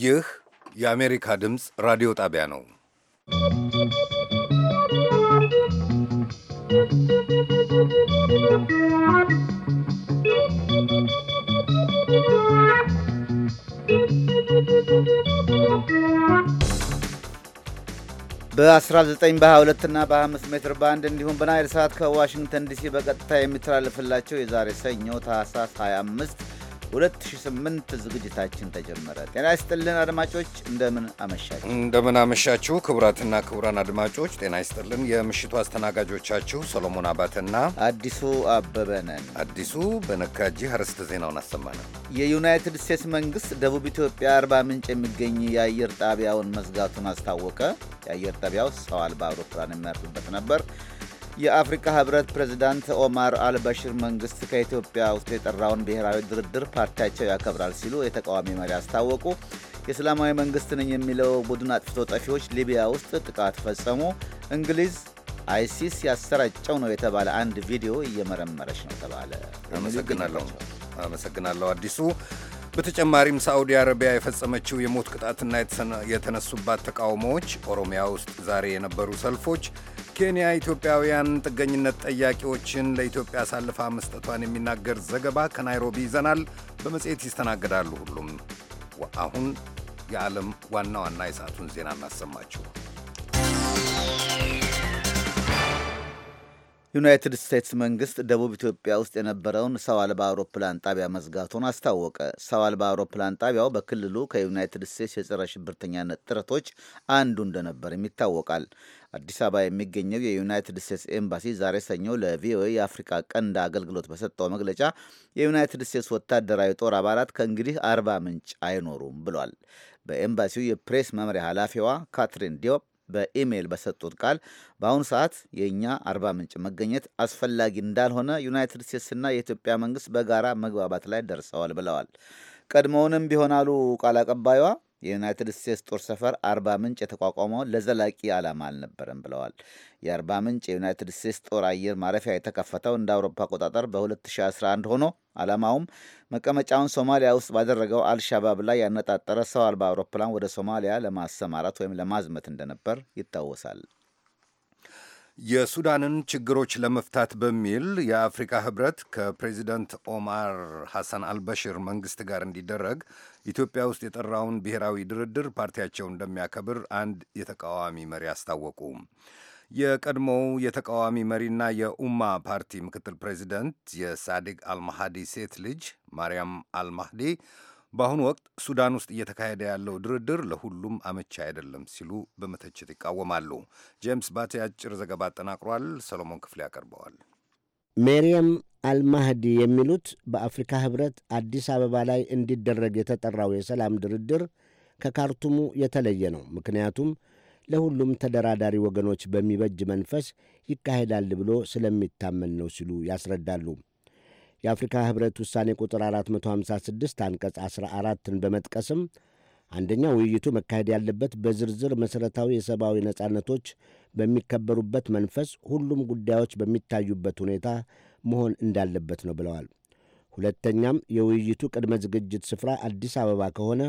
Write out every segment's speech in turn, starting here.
ይህ የአሜሪካ ድምፅ ራዲዮ ጣቢያ ነው። በ19 በ22 እና በ25 ሜትር ባንድ እንዲሁም በናይል ሰዓት ከዋሽንግተን ዲሲ በቀጥታ የሚተላለፍላቸው የዛሬ ሰኞ ታህሳስ 25 2008 ዝግጅታችን ተጀመረ። ጤና ይስጥልን አድማጮች፣ እንደምን አመሻችሁ። እንደምን አመሻችሁ ክቡራትና ክቡራን አድማጮች፣ ጤና ይስጥልን። የምሽቱ አስተናጋጆቻችሁ ሰሎሞን አባተና አዲሱ አበበ ነን። አዲሱ በነካጂ አርዕስተ ዜናውን አሰማነው። የዩናይትድ ስቴትስ መንግስት ደቡብ ኢትዮጵያ አርባ ምንጭ የሚገኝ የአየር ጣቢያውን መዝጋቱን አስታወቀ። የአየር ጣቢያው ሰው አልባ አውሮፕላን የሚያርፍበት ነበር። የአፍሪካ ህብረት ፕሬዝዳንት ኦማር አልበሽር መንግስት ከኢትዮጵያ ውስጥ የጠራውን ብሔራዊ ድርድር ፓርቲያቸው ያከብራል ሲሉ የተቃዋሚ መሪ አስታወቁ። የእስላማዊ መንግስት ነኝ የሚለው ቡድን አጥፍቶ ጠፊዎች ሊቢያ ውስጥ ጥቃት ፈጸሙ። እንግሊዝ አይሲስ ያሰራጨው ነው የተባለ አንድ ቪዲዮ እየመረመረች ነው ተባለ። አመሰግናለሁ። አመሰግናለሁ አዲሱ። በተጨማሪም ሳዑዲ አረቢያ የፈጸመችው የሞት ቅጣትና የተነሱባት ተቃውሞዎች፣ ኦሮሚያ ውስጥ ዛሬ የነበሩ ሰልፎች ኬንያ ኢትዮጵያውያን ጥገኝነት ጠያቂዎችን ለኢትዮጵያ አሳልፋ መስጠቷን የሚናገር ዘገባ ከናይሮቢ ይዘናል። በመጽሔት ይስተናግዳሉ ሁሉም። አሁን የዓለም ዋና ዋና የሰዓቱን ዜና እናሰማችሁ። ዩናይትድ ስቴትስ መንግስት ደቡብ ኢትዮጵያ ውስጥ የነበረውን ሰው አልባ አውሮፕላን ጣቢያ መዝጋቱን አስታወቀ። ሰው አልባ አውሮፕላን ጣቢያው በክልሉ ከዩናይትድ ስቴትስ የጸረ ሽብርተኛነት ጥረቶች አንዱ እንደነበርም ይታወቃል። አዲስ አበባ የሚገኘው የዩናይትድ ስቴትስ ኤምባሲ ዛሬ ሰኞ ለቪኦኤ የአፍሪካ ቀንድ አገልግሎት በሰጠው መግለጫ የዩናይትድ ስቴትስ ወታደራዊ ጦር አባላት ከእንግዲህ አርባ ምንጭ አይኖሩም ብሏል። በኤምባሲው የፕሬስ መምሪያ ኃላፊዋ ካትሪን ዲዮፕ በኢሜይል በሰጡት ቃል በአሁኑ ሰዓት የእኛ አርባ ምንጭ መገኘት አስፈላጊ እንዳልሆነ ዩናይትድ ስቴትስና የኢትዮጵያ መንግስት በጋራ መግባባት ላይ ደርሰዋል ብለዋል። ቀድሞውንም ቢሆን አሉ ቃል አቀባዩዋ የዩናይትድ ስቴትስ ጦር ሰፈር አርባ ምንጭ የተቋቋመው ለዘላቂ ዓላማ አልነበረም ብለዋል። የአርባ ምንጭ የዩናይትድ ስቴትስ ጦር አየር ማረፊያ የተከፈተው እንደ አውሮፓ አቆጣጠር በ2011 ሆኖ ዓላማውም መቀመጫውን ሶማሊያ ውስጥ ባደረገው አልሻባብ ላይ ያነጣጠረ ሰው አልባ አውሮፕላን ወደ ሶማሊያ ለማሰማራት ወይም ለማዝመት እንደነበር ይታወሳል። የሱዳንን ችግሮች ለመፍታት በሚል የአፍሪካ ህብረት ከፕሬዚደንት ኦማር ሐሰን አልበሽር መንግስት ጋር እንዲደረግ ኢትዮጵያ ውስጥ የጠራውን ብሔራዊ ድርድር ፓርቲያቸው እንደሚያከብር አንድ የተቃዋሚ መሪ አስታወቁ። የቀድሞው የተቃዋሚ መሪና የኡማ ፓርቲ ምክትል ፕሬዚደንት የሳዲቅ አልማሃዲ ሴት ልጅ ማርያም አልማህዲ በአሁኑ ወቅት ሱዳን ውስጥ እየተካሄደ ያለው ድርድር ለሁሉም አመቻ አይደለም ሲሉ በመተቸት ይቃወማሉ። ጄምስ ባቲ አጭር ዘገባ አጠናቅሯል። ሰሎሞን ክፍሌ ያቀርበዋል። ሜርየም አልማህዲ የሚሉት በአፍሪካ ህብረት አዲስ አበባ ላይ እንዲደረግ የተጠራው የሰላም ድርድር ከካርቱሙ የተለየ ነው። ምክንያቱም ለሁሉም ተደራዳሪ ወገኖች በሚበጅ መንፈስ ይካሄዳል ብሎ ስለሚታመን ነው ሲሉ ያስረዳሉ። የአፍሪካ ህብረት ውሳኔ ቁጥር 456 አንቀጽ 14ን በመጥቀስም አንደኛ ውይይቱ መካሄድ ያለበት በዝርዝር መሠረታዊ የሰብአዊ ነጻነቶች በሚከበሩበት መንፈስ ሁሉም ጉዳዮች በሚታዩበት ሁኔታ መሆን እንዳለበት ነው ብለዋል። ሁለተኛም የውይይቱ ቅድመ ዝግጅት ስፍራ አዲስ አበባ ከሆነ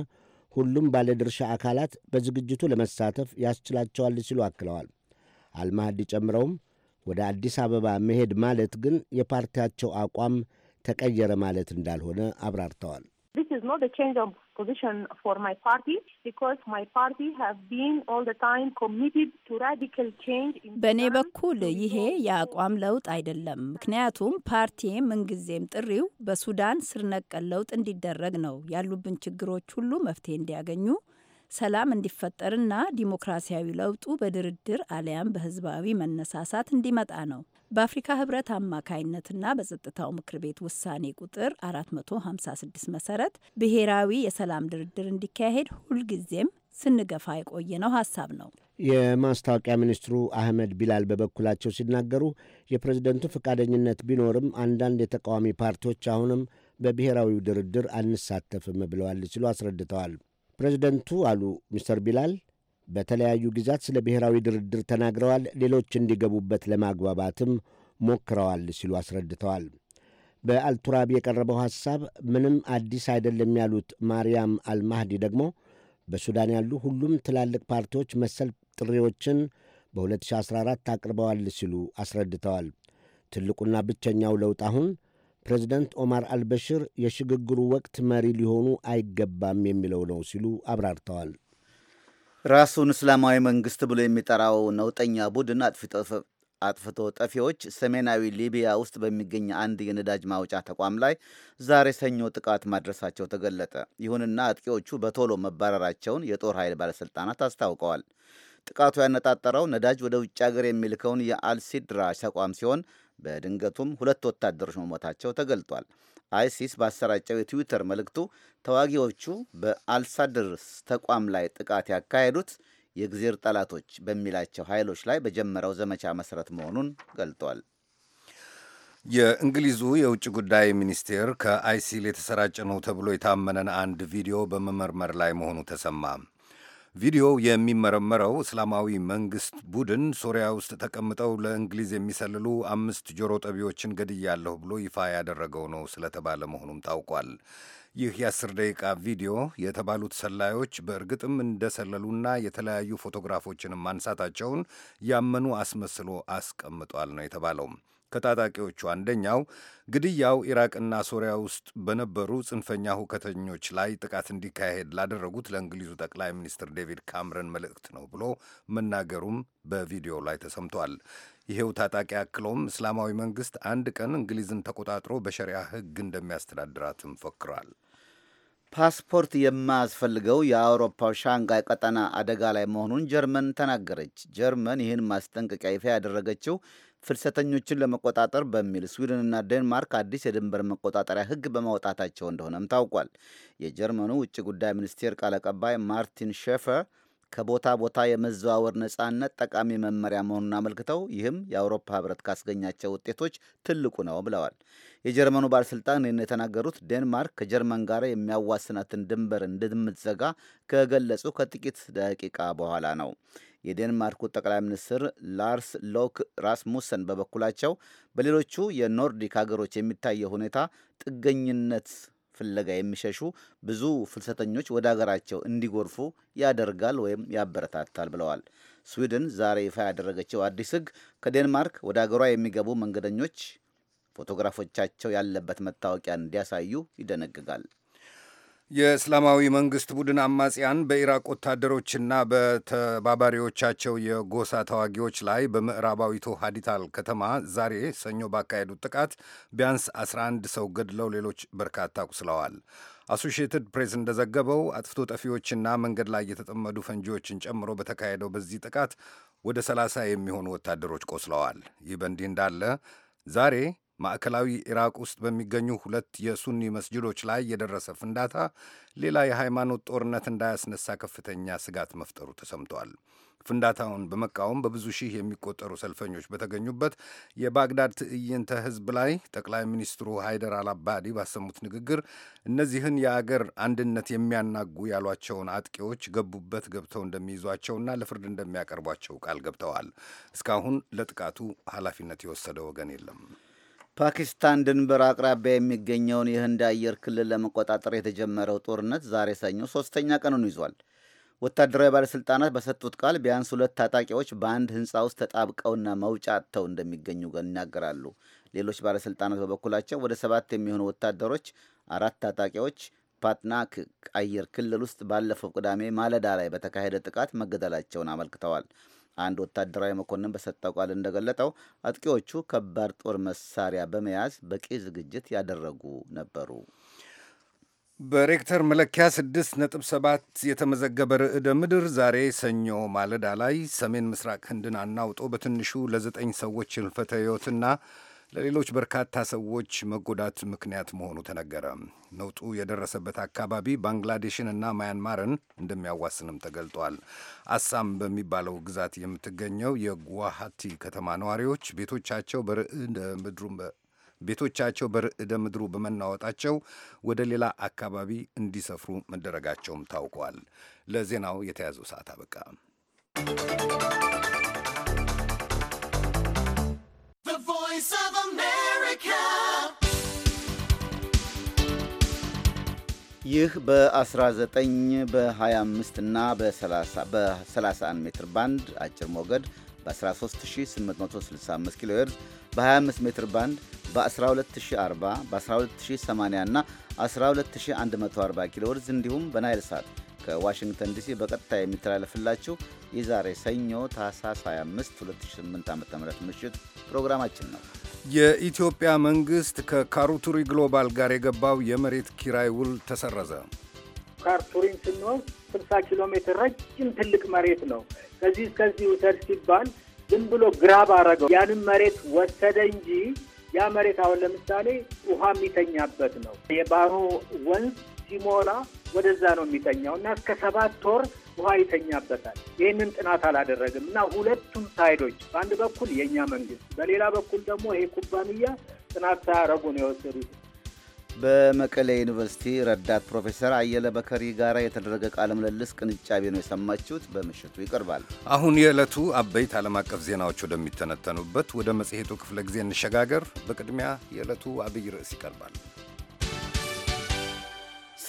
ሁሉም ባለድርሻ አካላት በዝግጅቱ ለመሳተፍ ያስችላቸዋል ሲሉ አክለዋል። አልማህዲ ጨምረውም ወደ አዲስ አበባ መሄድ ማለት ግን የፓርቲያቸው አቋም ተቀየረ ማለት እንዳልሆነ አብራርተዋል። በእኔ በኩል ይሄ የአቋም ለውጥ አይደለም። ምክንያቱም ፓርቲዬ ምንጊዜም ጥሪው በሱዳን ስር ነቀል ለውጥ እንዲደረግ ነው። ያሉብን ችግሮች ሁሉ መፍትሄ እንዲያገኙ፣ ሰላም እንዲፈጠርና ዲሞክራሲያዊ ለውጡ በድርድር አሊያም በህዝባዊ መነሳሳት እንዲመጣ ነው። በአፍሪካ ህብረት አማካይነትና በጸጥታው ምክር ቤት ውሳኔ ቁጥር 456 መሰረት ብሔራዊ የሰላም ድርድር እንዲካሄድ ሁልጊዜም ስንገፋ የቆየነው ሀሳብ ነው። የማስታወቂያ ሚኒስትሩ አህመድ ቢላል በበኩላቸው ሲናገሩ የፕሬዝደንቱ ፈቃደኝነት ቢኖርም አንዳንድ የተቃዋሚ ፓርቲዎች አሁንም በብሔራዊው ድርድር አንሳተፍም ብለዋል ሲሉ አስረድተዋል። ፕሬዝደንቱ አሉ ሚስተር ቢላል በተለያዩ ጊዜያት ስለ ብሔራዊ ድርድር ተናግረዋል። ሌሎች እንዲገቡበት ለማግባባትም ሞክረዋል ሲሉ አስረድተዋል። በአልቱራቢ የቀረበው ሐሳብ ምንም አዲስ አይደለም ያሉት ማርያም አልማህዲ ደግሞ በሱዳን ያሉ ሁሉም ትላልቅ ፓርቲዎች መሰል ጥሪዎችን በ2014 አቅርበዋል ሲሉ አስረድተዋል። ትልቁና ብቸኛው ለውጥ አሁን ፕሬዚደንት ኦማር አልበሽር የሽግግሩ ወቅት መሪ ሊሆኑ አይገባም የሚለው ነው ሲሉ አብራርተዋል። ራሱን እስላማዊ መንግስት ብሎ የሚጠራው ነውጠኛ ቡድን አጥፍቶ ጠፊዎች ሰሜናዊ ሊቢያ ውስጥ በሚገኝ አንድ የነዳጅ ማውጫ ተቋም ላይ ዛሬ ሰኞ ጥቃት ማድረሳቸው ተገለጠ። ይሁንና አጥቂዎቹ በቶሎ መባረራቸውን የጦር ኃይል ባለሥልጣናት አስታውቀዋል። ጥቃቱ ያነጣጠረው ነዳጅ ወደ ውጭ ሀገር የሚልከውን የአልሲድራ ተቋም ሲሆን በድንገቱም ሁለት ወታደሮች መሞታቸው ተገልጧል። አይሲስ ባሰራጨው የትዊተር መልእክቱ ተዋጊዎቹ በአልሳድርስ ተቋም ላይ ጥቃት ያካሄዱት የእግዜር ጠላቶች በሚላቸው ኃይሎች ላይ በጀመረው ዘመቻ መሰረት መሆኑን ገልጧል። የእንግሊዙ የውጭ ጉዳይ ሚኒስቴር ከአይሲል የተሰራጨ ነው ተብሎ የታመነን አንድ ቪዲዮ በመመርመር ላይ መሆኑ ተሰማ። ቪዲዮው የሚመረመረው እስላማዊ መንግስት ቡድን ሶሪያ ውስጥ ተቀምጠው ለእንግሊዝ የሚሰልሉ አምስት ጆሮ ጠቢዎችን ገድያለሁ ብሎ ይፋ ያደረገው ነው ስለተባለ መሆኑም ታውቋል። ይህ የአስር ደቂቃ ቪዲዮ የተባሉት ሰላዮች በእርግጥም እንደሰለሉና የተለያዩ ፎቶግራፎችንም ማንሳታቸውን ያመኑ አስመስሎ አስቀምጧል ነው የተባለው። ከታጣቂዎቹ አንደኛው ግድያው ኢራቅና ሶሪያ ውስጥ በነበሩ ጽንፈኛ ሁከተኞች ላይ ጥቃት እንዲካሄድ ላደረጉት ለእንግሊዙ ጠቅላይ ሚኒስትር ዴቪድ ካምረን መልእክት ነው ብሎ መናገሩም በቪዲዮ ላይ ተሰምቷል። ይሄው ታጣቂ አክሎም እስላማዊ መንግስት አንድ ቀን እንግሊዝን ተቆጣጥሮ በሸሪያ ሕግ እንደሚያስተዳድራትም ፈክሯል። ፓስፖርት የማያስፈልገው የአውሮፓው ሻንጋይ ቀጠና አደጋ ላይ መሆኑን ጀርመን ተናገረች። ጀርመን ይህን ማስጠንቀቂያ ይፋ ያደረገችው ፍልሰተኞችን ለመቆጣጠር በሚል ስዊድንና ዴንማርክ አዲስ የድንበር መቆጣጠሪያ ሕግ በማውጣታቸው እንደሆነም ታውቋል። የጀርመኑ ውጭ ጉዳይ ሚኒስቴር ቃል አቀባይ ማርቲን ሼፈር ከቦታ ቦታ የመዘዋወር ነጻነት ጠቃሚ መመሪያ መሆኑን አመልክተው ይህም የአውሮፓ ህብረት ካስገኛቸው ውጤቶች ትልቁ ነው ብለዋል። የጀርመኑ ባለስልጣን ይህን የተናገሩት ዴንማርክ ከጀርመን ጋር የሚያዋስናትን ድንበር እንደምትዘጋ ከገለጹ ከጥቂት ደቂቃ በኋላ ነው። የዴንማርኩ ጠቅላይ ሚኒስትር ላርስ ሎክ ራስሙሰን በበኩላቸው በሌሎቹ የኖርዲክ ሀገሮች የሚታየው ሁኔታ ጥገኝነት ፍለጋ የሚሸሹ ብዙ ፍልሰተኞች ወደ ሀገራቸው እንዲጎርፉ ያደርጋል ወይም ያበረታታል ብለዋል። ስዊድን ዛሬ ይፋ ያደረገችው አዲስ ሕግ ከዴንማርክ ወደ ሀገሯ የሚገቡ መንገደኞች ፎቶግራፎቻቸው ያለበት መታወቂያ እንዲያሳዩ ይደነግጋል። የእስላማዊ መንግስት ቡድን አማጽያን በኢራቅ ወታደሮችና በተባባሪዎቻቸው የጎሳ ተዋጊዎች ላይ በምዕራባዊቱ ሀዲታል ከተማ ዛሬ ሰኞ ባካሄዱት ጥቃት ቢያንስ 11 ሰው ገድለው ሌሎች በርካታ ቁስለዋል። አሶሽትድ ፕሬስ እንደዘገበው አጥፍቶ ጠፊዎችና መንገድ ላይ የተጠመዱ ፈንጂዎችን ጨምሮ በተካሄደው በዚህ ጥቃት ወደ 30 የሚሆኑ ወታደሮች ቆስለዋል። ይህ በእንዲህ እንዳለ ዛሬ ማዕከላዊ ኢራቅ ውስጥ በሚገኙ ሁለት የሱኒ መስጅዶች ላይ የደረሰ ፍንዳታ ሌላ የሃይማኖት ጦርነት እንዳያስነሳ ከፍተኛ ስጋት መፍጠሩ ተሰምቷል። ፍንዳታውን በመቃወም በብዙ ሺህ የሚቆጠሩ ሰልፈኞች በተገኙበት የባግዳድ ትዕይንተ ህዝብ ላይ ጠቅላይ ሚኒስትሩ ሃይደር አልአባዲ ባሰሙት ንግግር እነዚህን የአገር አንድነት የሚያናጉ ያሏቸውን አጥቂዎች ገቡበት ገብተው እንደሚይዟቸውና ለፍርድ እንደሚያቀርቧቸው ቃል ገብተዋል። እስካሁን ለጥቃቱ ኃላፊነት የወሰደ ወገን የለም። ፓኪስታን ድንበር አቅራቢያ የሚገኘውን የህንድ አየር ክልል ለመቆጣጠር የተጀመረው ጦርነት ዛሬ ሰኞ ሶስተኛ ቀኑን ይዟል። ወታደራዊ ባለሥልጣናት በሰጡት ቃል ቢያንስ ሁለት ታጣቂዎች በአንድ ህንፃ ውስጥ ተጣብቀውና መውጫ አጥተው እንደሚገኙ ይናገራሉ። ሌሎች ባለሥልጣናት በበኩላቸው ወደ ሰባት የሚሆኑ ወታደሮች አራት ታጣቂዎች ፓትናክ አየር ክልል ውስጥ ባለፈው ቅዳሜ ማለዳ ላይ በተካሄደ ጥቃት መገደላቸውን አመልክተዋል። አንድ ወታደራዊ መኮንን በሰጠው ቃል እንደገለጠው አጥቂዎቹ ከባድ ጦር መሳሪያ በመያዝ በቂ ዝግጅት ያደረጉ ነበሩ። በሬክተር መለኪያ 6.7 የተመዘገበ ርዕደ ምድር ዛሬ ሰኞ ማለዳ ላይ ሰሜን ምስራቅ ህንድን አናውጦ በትንሹ ለዘጠኝ ሰዎች ህልፈተ ሕይወትና ለሌሎች በርካታ ሰዎች መጎዳት ምክንያት መሆኑ ተነገረ። ነውጡ የደረሰበት አካባቢ ባንግላዴሽንና ማያንማርን እንደሚያዋስንም ተገልጧል። አሳም በሚባለው ግዛት የምትገኘው የጓሃቲ ከተማ ነዋሪዎች ቤቶቻቸው በርዕደ ምድሩ ቤቶቻቸው በርዕደ ምድሩ በመናወጣቸው ወደ ሌላ አካባቢ እንዲሰፍሩ መደረጋቸውም ታውቋል። ለዜናው የተያዘው ሰዓት አበቃ። ይህ በ19 በ25 እና በ31 ሜትር ባንድ አጭር ሞገድ በ13865 ኪሎ ሄርዝ በ25 ሜትር ባንድ በ 1240 በ12080 እና 12140 ኪሎ ሄርዝ እንዲሁም በናይል ሳት ከዋሽንግተን ዲሲ በቀጥታ የሚተላለፍላችሁ የዛሬ ሰኞ ታህሳስ 25 2008 ም ምሽት ፕሮግራማችን ነው። የኢትዮጵያ መንግሥት ከካሩቱሪ ግሎባል ጋር የገባው የመሬት ኪራይ ውል ተሰረዘ። ካርቱሪን ስንወስድ ስልሳ ኪሎ ሜትር ረጅም ትልቅ መሬት ነው። ከዚህ እስከዚህ ውሰድ ሲባል ዝም ብሎ ግራብ አረገው። ያንን መሬት ወሰደ እንጂ ያ መሬት አሁን ለምሳሌ ውሃ የሚተኛበት ነው። የባሮ ወንዝ ሲሞላ ወደዛ ነው የሚተኛው እና እስከ ሰባት ወር ውሃ ይተኛበታል። ይህንን ጥናት አላደረግም እና ሁለቱም ሳይዶች በአንድ በኩል የእኛ መንግስት፣ በሌላ በኩል ደግሞ ይሄ ኩባንያ ጥናት ሳያረጉ ነው የወሰዱት። በመቀሌ ዩኒቨርሲቲ ረዳት ፕሮፌሰር አየለ በከሪ ጋር የተደረገ ቃለ ምልልስ ቅንጫቤ ነው የሰማችሁት። በምሽቱ ይቀርባል። አሁን የዕለቱ አበይት ዓለም አቀፍ ዜናዎች ወደሚተነተኑበት ወደ መጽሔቱ ክፍለ ጊዜ እንሸጋገር። በቅድሚያ የዕለቱ አብይ ርዕስ ይቀርባል።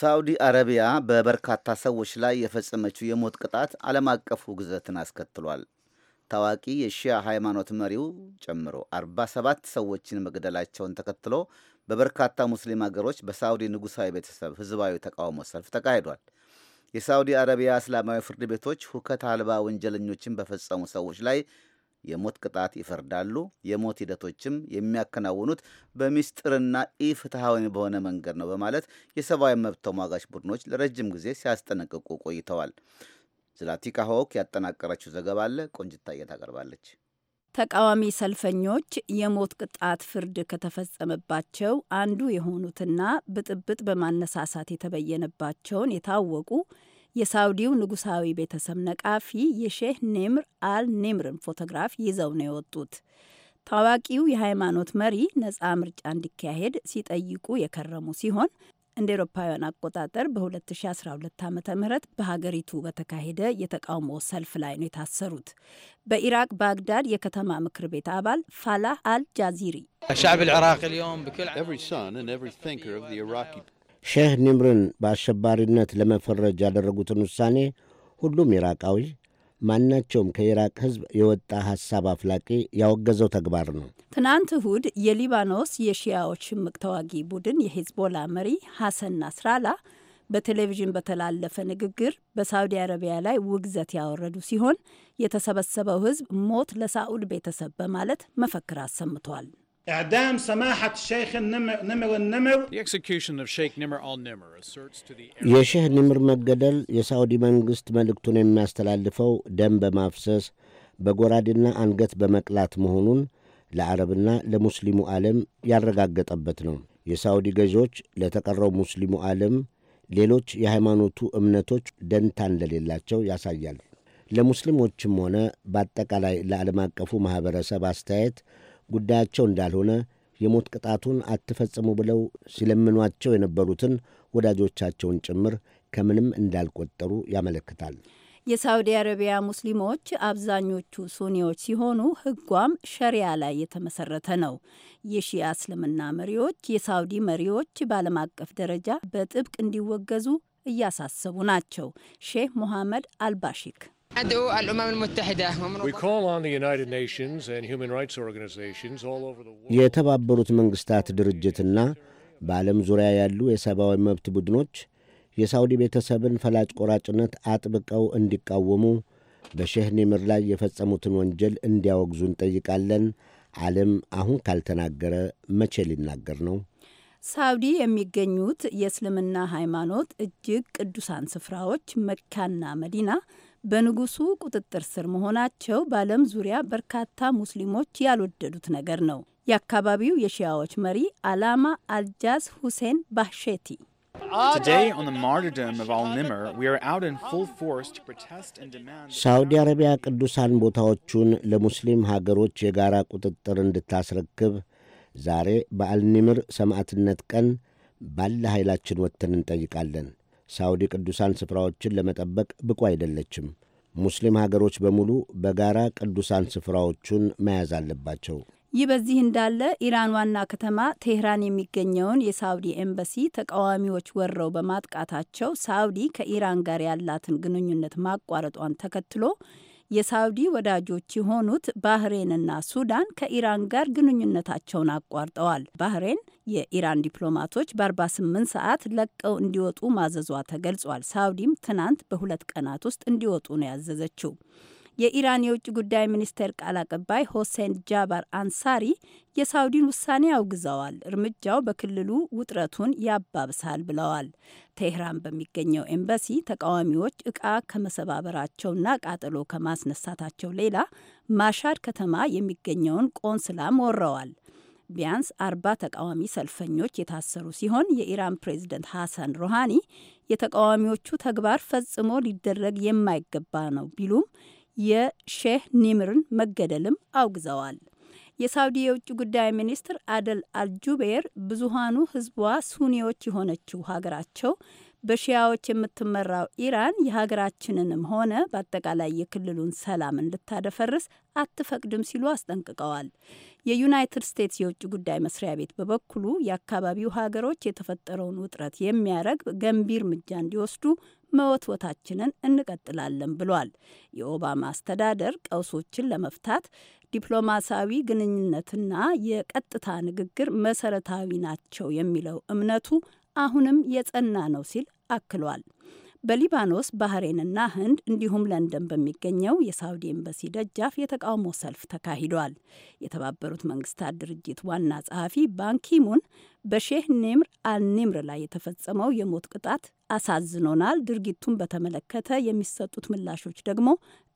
ሳውዲ አረቢያ በበርካታ ሰዎች ላይ የፈጸመችው የሞት ቅጣት ዓለም አቀፉ ግዘትን አስከትሏል። ታዋቂ የሺያ ሃይማኖት መሪው ጨምሮ 47 ሰዎችን መግደላቸውን ተከትሎ በበርካታ ሙስሊም አገሮች በሳውዲ ንጉሳዊ ቤተሰብ ህዝባዊ ተቃውሞ ሰልፍ ተካሂዷል። የሳውዲ አረቢያ እስላማዊ ፍርድ ቤቶች ሁከት አልባ ወንጀለኞችን በፈጸሙ ሰዎች ላይ የሞት ቅጣት ይፈርዳሉ። የሞት ሂደቶችም የሚያከናውኑት በሚስጥርና ኢፍትሐዊ በሆነ መንገድ ነው በማለት የሰብአዊ መብት ተሟጋች ቡድኖች ለረጅም ጊዜ ሲያስጠነቅቁ ቆይተዋል። ዝላቲካ ሆክ ያጠናቀረችው ዘገባ አለ ቆንጅታ ታቀርባለች። ተቃዋሚ ሰልፈኞች የሞት ቅጣት ፍርድ ከተፈጸመባቸው አንዱ የሆኑትና ብጥብጥ በማነሳሳት የተበየነባቸውን የታወቁ የሳውዲው ንጉሳዊ ቤተሰብ ነቃፊ የሼህ ኔምር አል ኔምርን ፎቶግራፍ ይዘው ነው የወጡት። ታዋቂው የሃይማኖት መሪ ነጻ ምርጫ እንዲካሄድ ሲጠይቁ የከረሙ ሲሆን እንደ ኤሮፓውያን አቆጣጠር በ2012 ዓ ም በሀገሪቱ በተካሄደ የተቃውሞ ሰልፍ ላይ ነው የታሰሩት። በኢራቅ ባግዳድ የከተማ ምክር ቤት አባል ፋላህ አል ጃዚሪ ሼህ ኒምርን በአሸባሪነት ለመፈረጅ ያደረጉትን ውሳኔ ሁሉም ኢራቃዊ ማናቸውም ከኢራቅ ሕዝብ የወጣ ሀሳብ አፍላቂ ያወገዘው ተግባር ነው። ትናንት እሁድ የሊባኖስ የሺያዎች ሽምቅ ተዋጊ ቡድን የሂዝቦላ መሪ ሐሰን ናስራላ በቴሌቪዥን በተላለፈ ንግግር በሳውዲ አረቢያ ላይ ውግዘት ያወረዱ ሲሆን የተሰበሰበው ሕዝብ ሞት ለሳዑድ ቤተሰብ በማለት መፈክር አሰምቷል። የሼህ ንምር መገደል የሳዑዲ መንግሥት መልእክቱን የሚያስተላልፈው ደም በማፍሰስ በጎራዴና አንገት በመቅላት መሆኑን ለአረብና ለሙስሊሙ ዓለም ያረጋገጠበት ነው። የሳዑዲ ገዢዎች ለተቀረው ሙስሊሙ ዓለም ሌሎች የሃይማኖቱ እምነቶች ደንታ እንደሌላቸው ያሳያል። ለሙስሊሞችም ሆነ በአጠቃላይ ለዓለም አቀፉ ማኅበረሰብ አስተያየት ጉዳያቸው እንዳልሆነ የሞት ቅጣቱን አትፈጽሙ ብለው ሲለምኗቸው የነበሩትን ወዳጆቻቸውን ጭምር ከምንም እንዳልቆጠሩ ያመለክታል። የሳውዲ አረቢያ ሙስሊሞች አብዛኞቹ ሱኒዎች ሲሆኑ ሕጓም ሸሪያ ላይ የተመሰረተ ነው። የሺያ እስልምና መሪዎች የሳውዲ መሪዎች በዓለም አቀፍ ደረጃ በጥብቅ እንዲወገዙ እያሳሰቡ ናቸው። ሼህ ሞሐመድ አልባሺክ የተባበሩት መንግሥታት ድርጅትና በዓለም ዙሪያ ያሉ የሰብአዊ መብት ቡድኖች የሳውዲ ቤተሰብን ፈላጭ ቆራጭነት አጥብቀው እንዲቃወሙ በሼህ ኒምር ላይ የፈጸሙትን ወንጀል እንዲያወግዙ እንጠይቃለን። ዓለም አሁን ካልተናገረ መቼ ሊናገር ነው? ሳውዲ የሚገኙት የእስልምና ሃይማኖት እጅግ ቅዱሳን ስፍራዎች መካና መዲና በንጉሱ ቁጥጥር ስር መሆናቸው በዓለም ዙሪያ በርካታ ሙስሊሞች ያልወደዱት ነገር ነው። የአካባቢው የሺያዎች መሪ አላማ አልጃዝ ሁሴን ባሼቲ ሳውዲ አረቢያ ቅዱሳን ቦታዎቹን ለሙስሊም ሀገሮች የጋራ ቁጥጥር እንድታስረክብ ዛሬ በአልኒምር ሰማዕትነት ቀን ባለ ኃይላችን ወጥተን እንጠይቃለን። ሳውዲ ቅዱሳን ስፍራዎችን ለመጠበቅ ብቁ አይደለችም። ሙስሊም ሀገሮች በሙሉ በጋራ ቅዱሳን ስፍራዎቹን መያዝ አለባቸው። ይህ በዚህ እንዳለ ኢራን ዋና ከተማ ቴህራን የሚገኘውን የሳውዲ ኤምባሲ ተቃዋሚዎች ወረው በማጥቃታቸው ሳውዲ ከኢራን ጋር ያላትን ግንኙነት ማቋረጧን ተከትሎ የሳውዲ ወዳጆች የሆኑት ባህሬንና ሱዳን ከኢራን ጋር ግንኙነታቸውን አቋርጠዋል። ባህሬን የኢራን ዲፕሎማቶች በ48 ሰዓት ለቀው እንዲወጡ ማዘዟ ተገልጿል። ሳውዲም ትናንት በሁለት ቀናት ውስጥ እንዲወጡ ነው ያዘዘችው። የኢራን የውጭ ጉዳይ ሚኒስቴር ቃል አቀባይ ሆሴን ጃባር አንሳሪ የሳውዲን ውሳኔ አውግዘዋል። እርምጃው በክልሉ ውጥረቱን ያባብሳል ብለዋል። ቴህራን በሚገኘው ኤምባሲ ተቃዋሚዎች እቃ ከመሰባበራቸውና ቃጠሎ ከማስነሳታቸው ሌላ ማሻድ ከተማ የሚገኘውን ቆንስላም ወረዋል። ቢያንስ አርባ ተቃዋሚ ሰልፈኞች የታሰሩ ሲሆን የኢራን ፕሬዝደንት ሐሰን ሮሃኒ የተቃዋሚዎቹ ተግባር ፈጽሞ ሊደረግ የማይገባ ነው ቢሉም የሼህ ኒምርን መገደልም አውግዘዋል። የሳውዲ የውጭ ጉዳይ ሚኒስትር አደል አልጁቤር ብዙሃኑ ህዝቧ ሱኒዎች የሆነችው ሀገራቸው በሺያዎች የምትመራው ኢራን የሀገራችንንም ሆነ በአጠቃላይ የክልሉን ሰላም እንድታደፈርስ አትፈቅድም ሲሉ አስጠንቅቀዋል። የዩናይትድ ስቴትስ የውጭ ጉዳይ መስሪያ ቤት በበኩሉ የአካባቢው ሀገሮች የተፈጠረውን ውጥረት የሚያረግብ ገንቢ እርምጃ እንዲወስዱ መወትወታችንን እንቀጥላለን ብሏል። የኦባማ አስተዳደር ቀውሶችን ለመፍታት ዲፕሎማሲያዊ ግንኙነትና የቀጥታ ንግግር መሰረታዊ ናቸው የሚለው እምነቱ አሁንም የጸና ነው ሲል አክሏል። በሊባኖስ ባህሬንና ህንድ እንዲሁም ለንደን በሚገኘው የሳውዲ ኤምባሲ ደጃፍ የተቃውሞ ሰልፍ ተካሂዷል። የተባበሩት መንግስታት ድርጅት ዋና ጸሐፊ ባንኪሙን በሼህ ኒምር አልኒምር ላይ የተፈጸመው የሞት ቅጣት አሳዝኖናል፣ ድርጊቱን በተመለከተ የሚሰጡት ምላሾች ደግሞ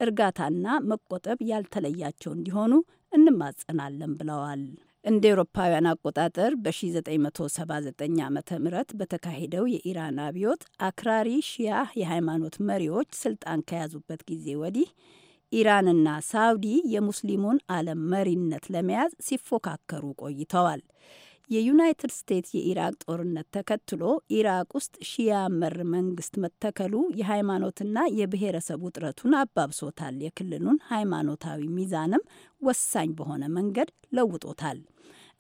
እርጋታና መቆጠብ ያልተለያቸው እንዲሆኑ እንማጸናለን ብለዋል። እንደ ኤሮፓውያን አቆጣጠር በ1979 ዓ ም በተካሄደው የኢራን አብዮት አክራሪ ሺያ የሃይማኖት መሪዎች ስልጣን ከያዙበት ጊዜ ወዲህ ኢራንና ሳውዲ የሙስሊሙን ዓለም መሪነት ለመያዝ ሲፎካከሩ ቆይተዋል። የዩናይትድ ስቴትስ የኢራቅ ጦርነት ተከትሎ ኢራቅ ውስጥ ሺያ መር መንግስት መተከሉ የሃይማኖትና የብሔረሰብ ውጥረቱን አባብሶታል። የክልሉን ሃይማኖታዊ ሚዛንም ወሳኝ በሆነ መንገድ ለውጦታል።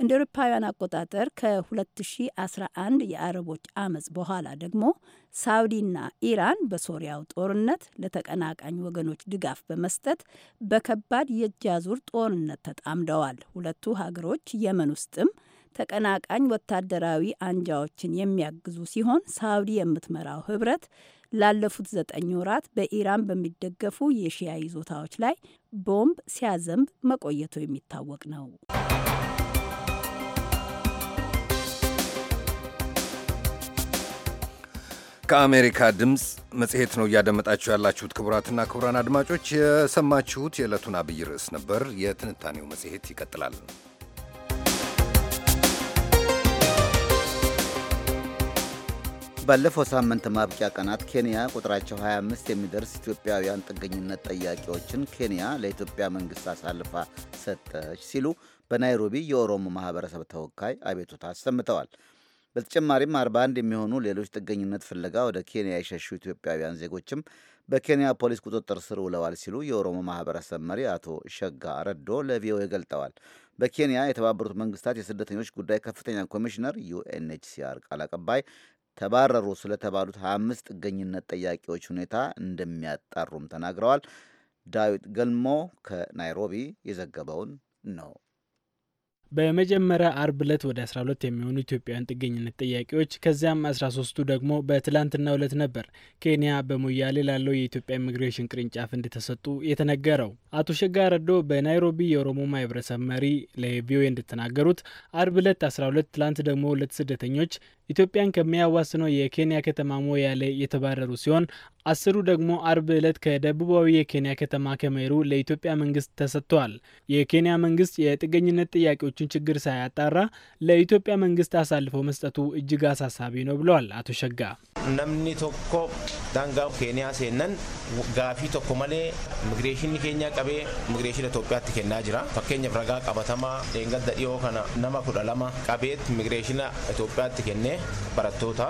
እንደ አውሮፓውያን አቆጣጠር ከ2011 የአረቦች አመፅ በኋላ ደግሞ ሳውዲና ኢራን በሶሪያው ጦርነት ለተቀናቃኝ ወገኖች ድጋፍ በመስጠት በከባድ የእጅ አዙር ጦርነት ተጣምደዋል። ሁለቱ ሀገሮች የመን ውስጥም ተቀናቃኝ ወታደራዊ አንጃዎችን የሚያግዙ ሲሆን ሳውዲ የምትመራው ህብረት ላለፉት ዘጠኝ ወራት በኢራን በሚደገፉ የሺያ ይዞታዎች ላይ ቦምብ ሲያዘንብ መቆየቱ የሚታወቅ ነው። ከአሜሪካ ድምፅ መጽሔት ነው እያደመጣችሁ ያላችሁት። ክቡራትና ክቡራን አድማጮች የሰማችሁት የዕለቱን አብይ ርዕስ ነበር። የትንታኔው መጽሔት ይቀጥላል። ባለፈው ሳምንት ማብቂያ ቀናት ኬንያ ቁጥራቸው 25 የሚደርስ ኢትዮጵያውያን ጥገኝነት ጠያቂዎችን ኬንያ ለኢትዮጵያ መንግሥት አሳልፋ ሰጠች ሲሉ በናይሮቢ የኦሮሞ ማህበረሰብ ተወካይ አቤቱታ አሰምተዋል። በተጨማሪም 41 የሚሆኑ ሌሎች ጥገኝነት ፍለጋ ወደ ኬንያ የሸሹ ኢትዮጵያውያን ዜጎችም በኬንያ ፖሊስ ቁጥጥር ስር ውለዋል ሲሉ የኦሮሞ ማህበረሰብ መሪ አቶ ሸጋ ረዶ ለቪኦኤ ገልጠዋል። በኬንያ የተባበሩት መንግስታት የስደተኞች ጉዳይ ከፍተኛ ኮሚሽነር ዩኤንኤችሲአር ቃል አቀባይ ተባረሩ ስለተባሉት 25 ጥገኝነት ጠያቂዎች ሁኔታ እንደሚያጣሩም ተናግረዋል። ዳዊት ገልሞ ከናይሮቢ የዘገበውን ነው። በመጀመሪያ አርብ እለት ወደ 12 የሚሆኑ ኢትዮጵያውያን ጥገኝነት ጥያቄዎች ከዚያም 13ቱ ደግሞ በትላንትናው ሁለት ነበር ኬንያ በሞያሌ ላለው የኢትዮጵያ ኢሚግሬሽን ቅርንጫፍ እንደተሰጡ የተነገረው። አቶ ሸጋ ረዶ በናይሮቢ የኦሮሞ ማህበረሰብ መሪ ለቪኦኤ እንደተናገሩት አርብ ዕለት 12 ትላንት ደግሞ ሁለት ስደተኞች ኢትዮጵያን ከሚያዋስነው የኬንያ ከተማ ሞያሌ የተባረሩ ሲሆን አስሩ ደግሞ አርብ ዕለት ከደቡባዊ የኬንያ ከተማ ከሜሩ ለኢትዮጵያ መንግስት ተሰጥተዋል። የኬንያ መንግስት የጥገኝነት ጥያቄዎችን ችግር ሳያጣራ ለኢትዮጵያ መንግስት አሳልፎ መስጠቱ እጅግ አሳሳቢ ነው ብለዋል አቶ ሸጋ። ነምኒ ቶኮ ዳንጋው ኬንያ ሴነን ጋፊ ቶኮ መሌ immigireeshinii ኬንያ jalqabee immigireeshinii Itoophiyaatti kennaa jira. Fakkeenyaaf ragaa qabatamaa dheengadda dhiyoo kana nama kudha lama qabeetti immigireeshina Itoophiyaatti kennee barattoota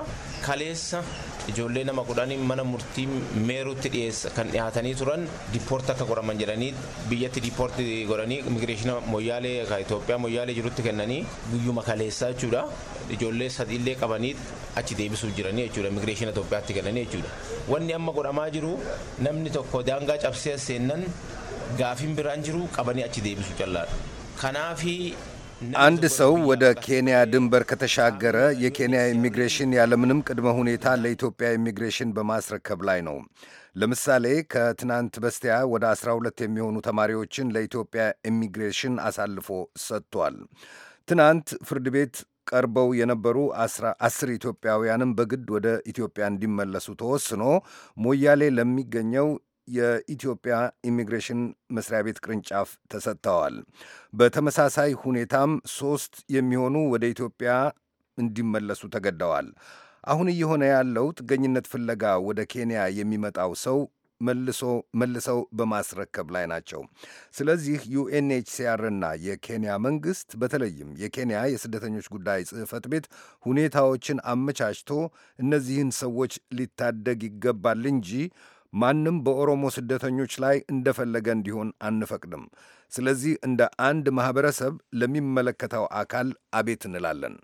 kaleessa ijoollee nama kudhanii mana murtii meerutti dhiyeessa kan dhiyaatanii turan diippoorti akka godhaman jedhanii biyyatti diippoorti godhanii immigireeshina moyyaalee kan Itoophiyaa moyyaalee jirutti kennanii guyyuma kaleessaa jechuudha. Ijoollee sadiillee qabanii achi deebisuuf jiranii jechuudha immigireeshina Itoophiyaatti kennanii jechuudha. Wanni amma godhamaa jiru namni tokko daangaa gaafiin biraan jiru qabanii achi deebisu jallaan kanaafi አንድ ሰው ወደ ኬንያ ድንበር ከተሻገረ የኬንያ ኢሚግሬሽን ያለምንም ቅድመ ሁኔታ ለኢትዮጵያ ኢሚግሬሽን በማስረከብ ላይ ነው። ለምሳሌ ከትናንት በስቲያ ወደ 12 የሚሆኑ ተማሪዎችን ለኢትዮጵያ ኢሚግሬሽን አሳልፎ ሰጥቷል። ትናንት ፍርድ ቤት ቀርበው የነበሩ አስር ኢትዮጵያውያንም በግድ ወደ ኢትዮጵያ እንዲመለሱ ተወስኖ ሞያሌ ለሚገኘው የኢትዮጵያ ኢሚግሬሽን መስሪያ ቤት ቅርንጫፍ ተሰጥተዋል። በተመሳሳይ ሁኔታም ሶስት የሚሆኑ ወደ ኢትዮጵያ እንዲመለሱ ተገደዋል። አሁን እየሆነ ያለው ጥገኝነት ፍለጋ ወደ ኬንያ የሚመጣው ሰው መልሰው በማስረከብ ላይ ናቸው። ስለዚህ እና የኬንያ መንግስት በተለይም የኬንያ የስደተኞች ጉዳይ ጽህፈት ቤት ሁኔታዎችን አመቻችቶ እነዚህን ሰዎች ሊታደግ ይገባል እንጂ ማንም በኦሮሞ ስደተኞች ላይ እንደፈለገ እንዲሆን አንፈቅድም። ስለዚህ እንደ አንድ ማኅበረሰብ ለሚመለከተው አካል አቤት እንላለን።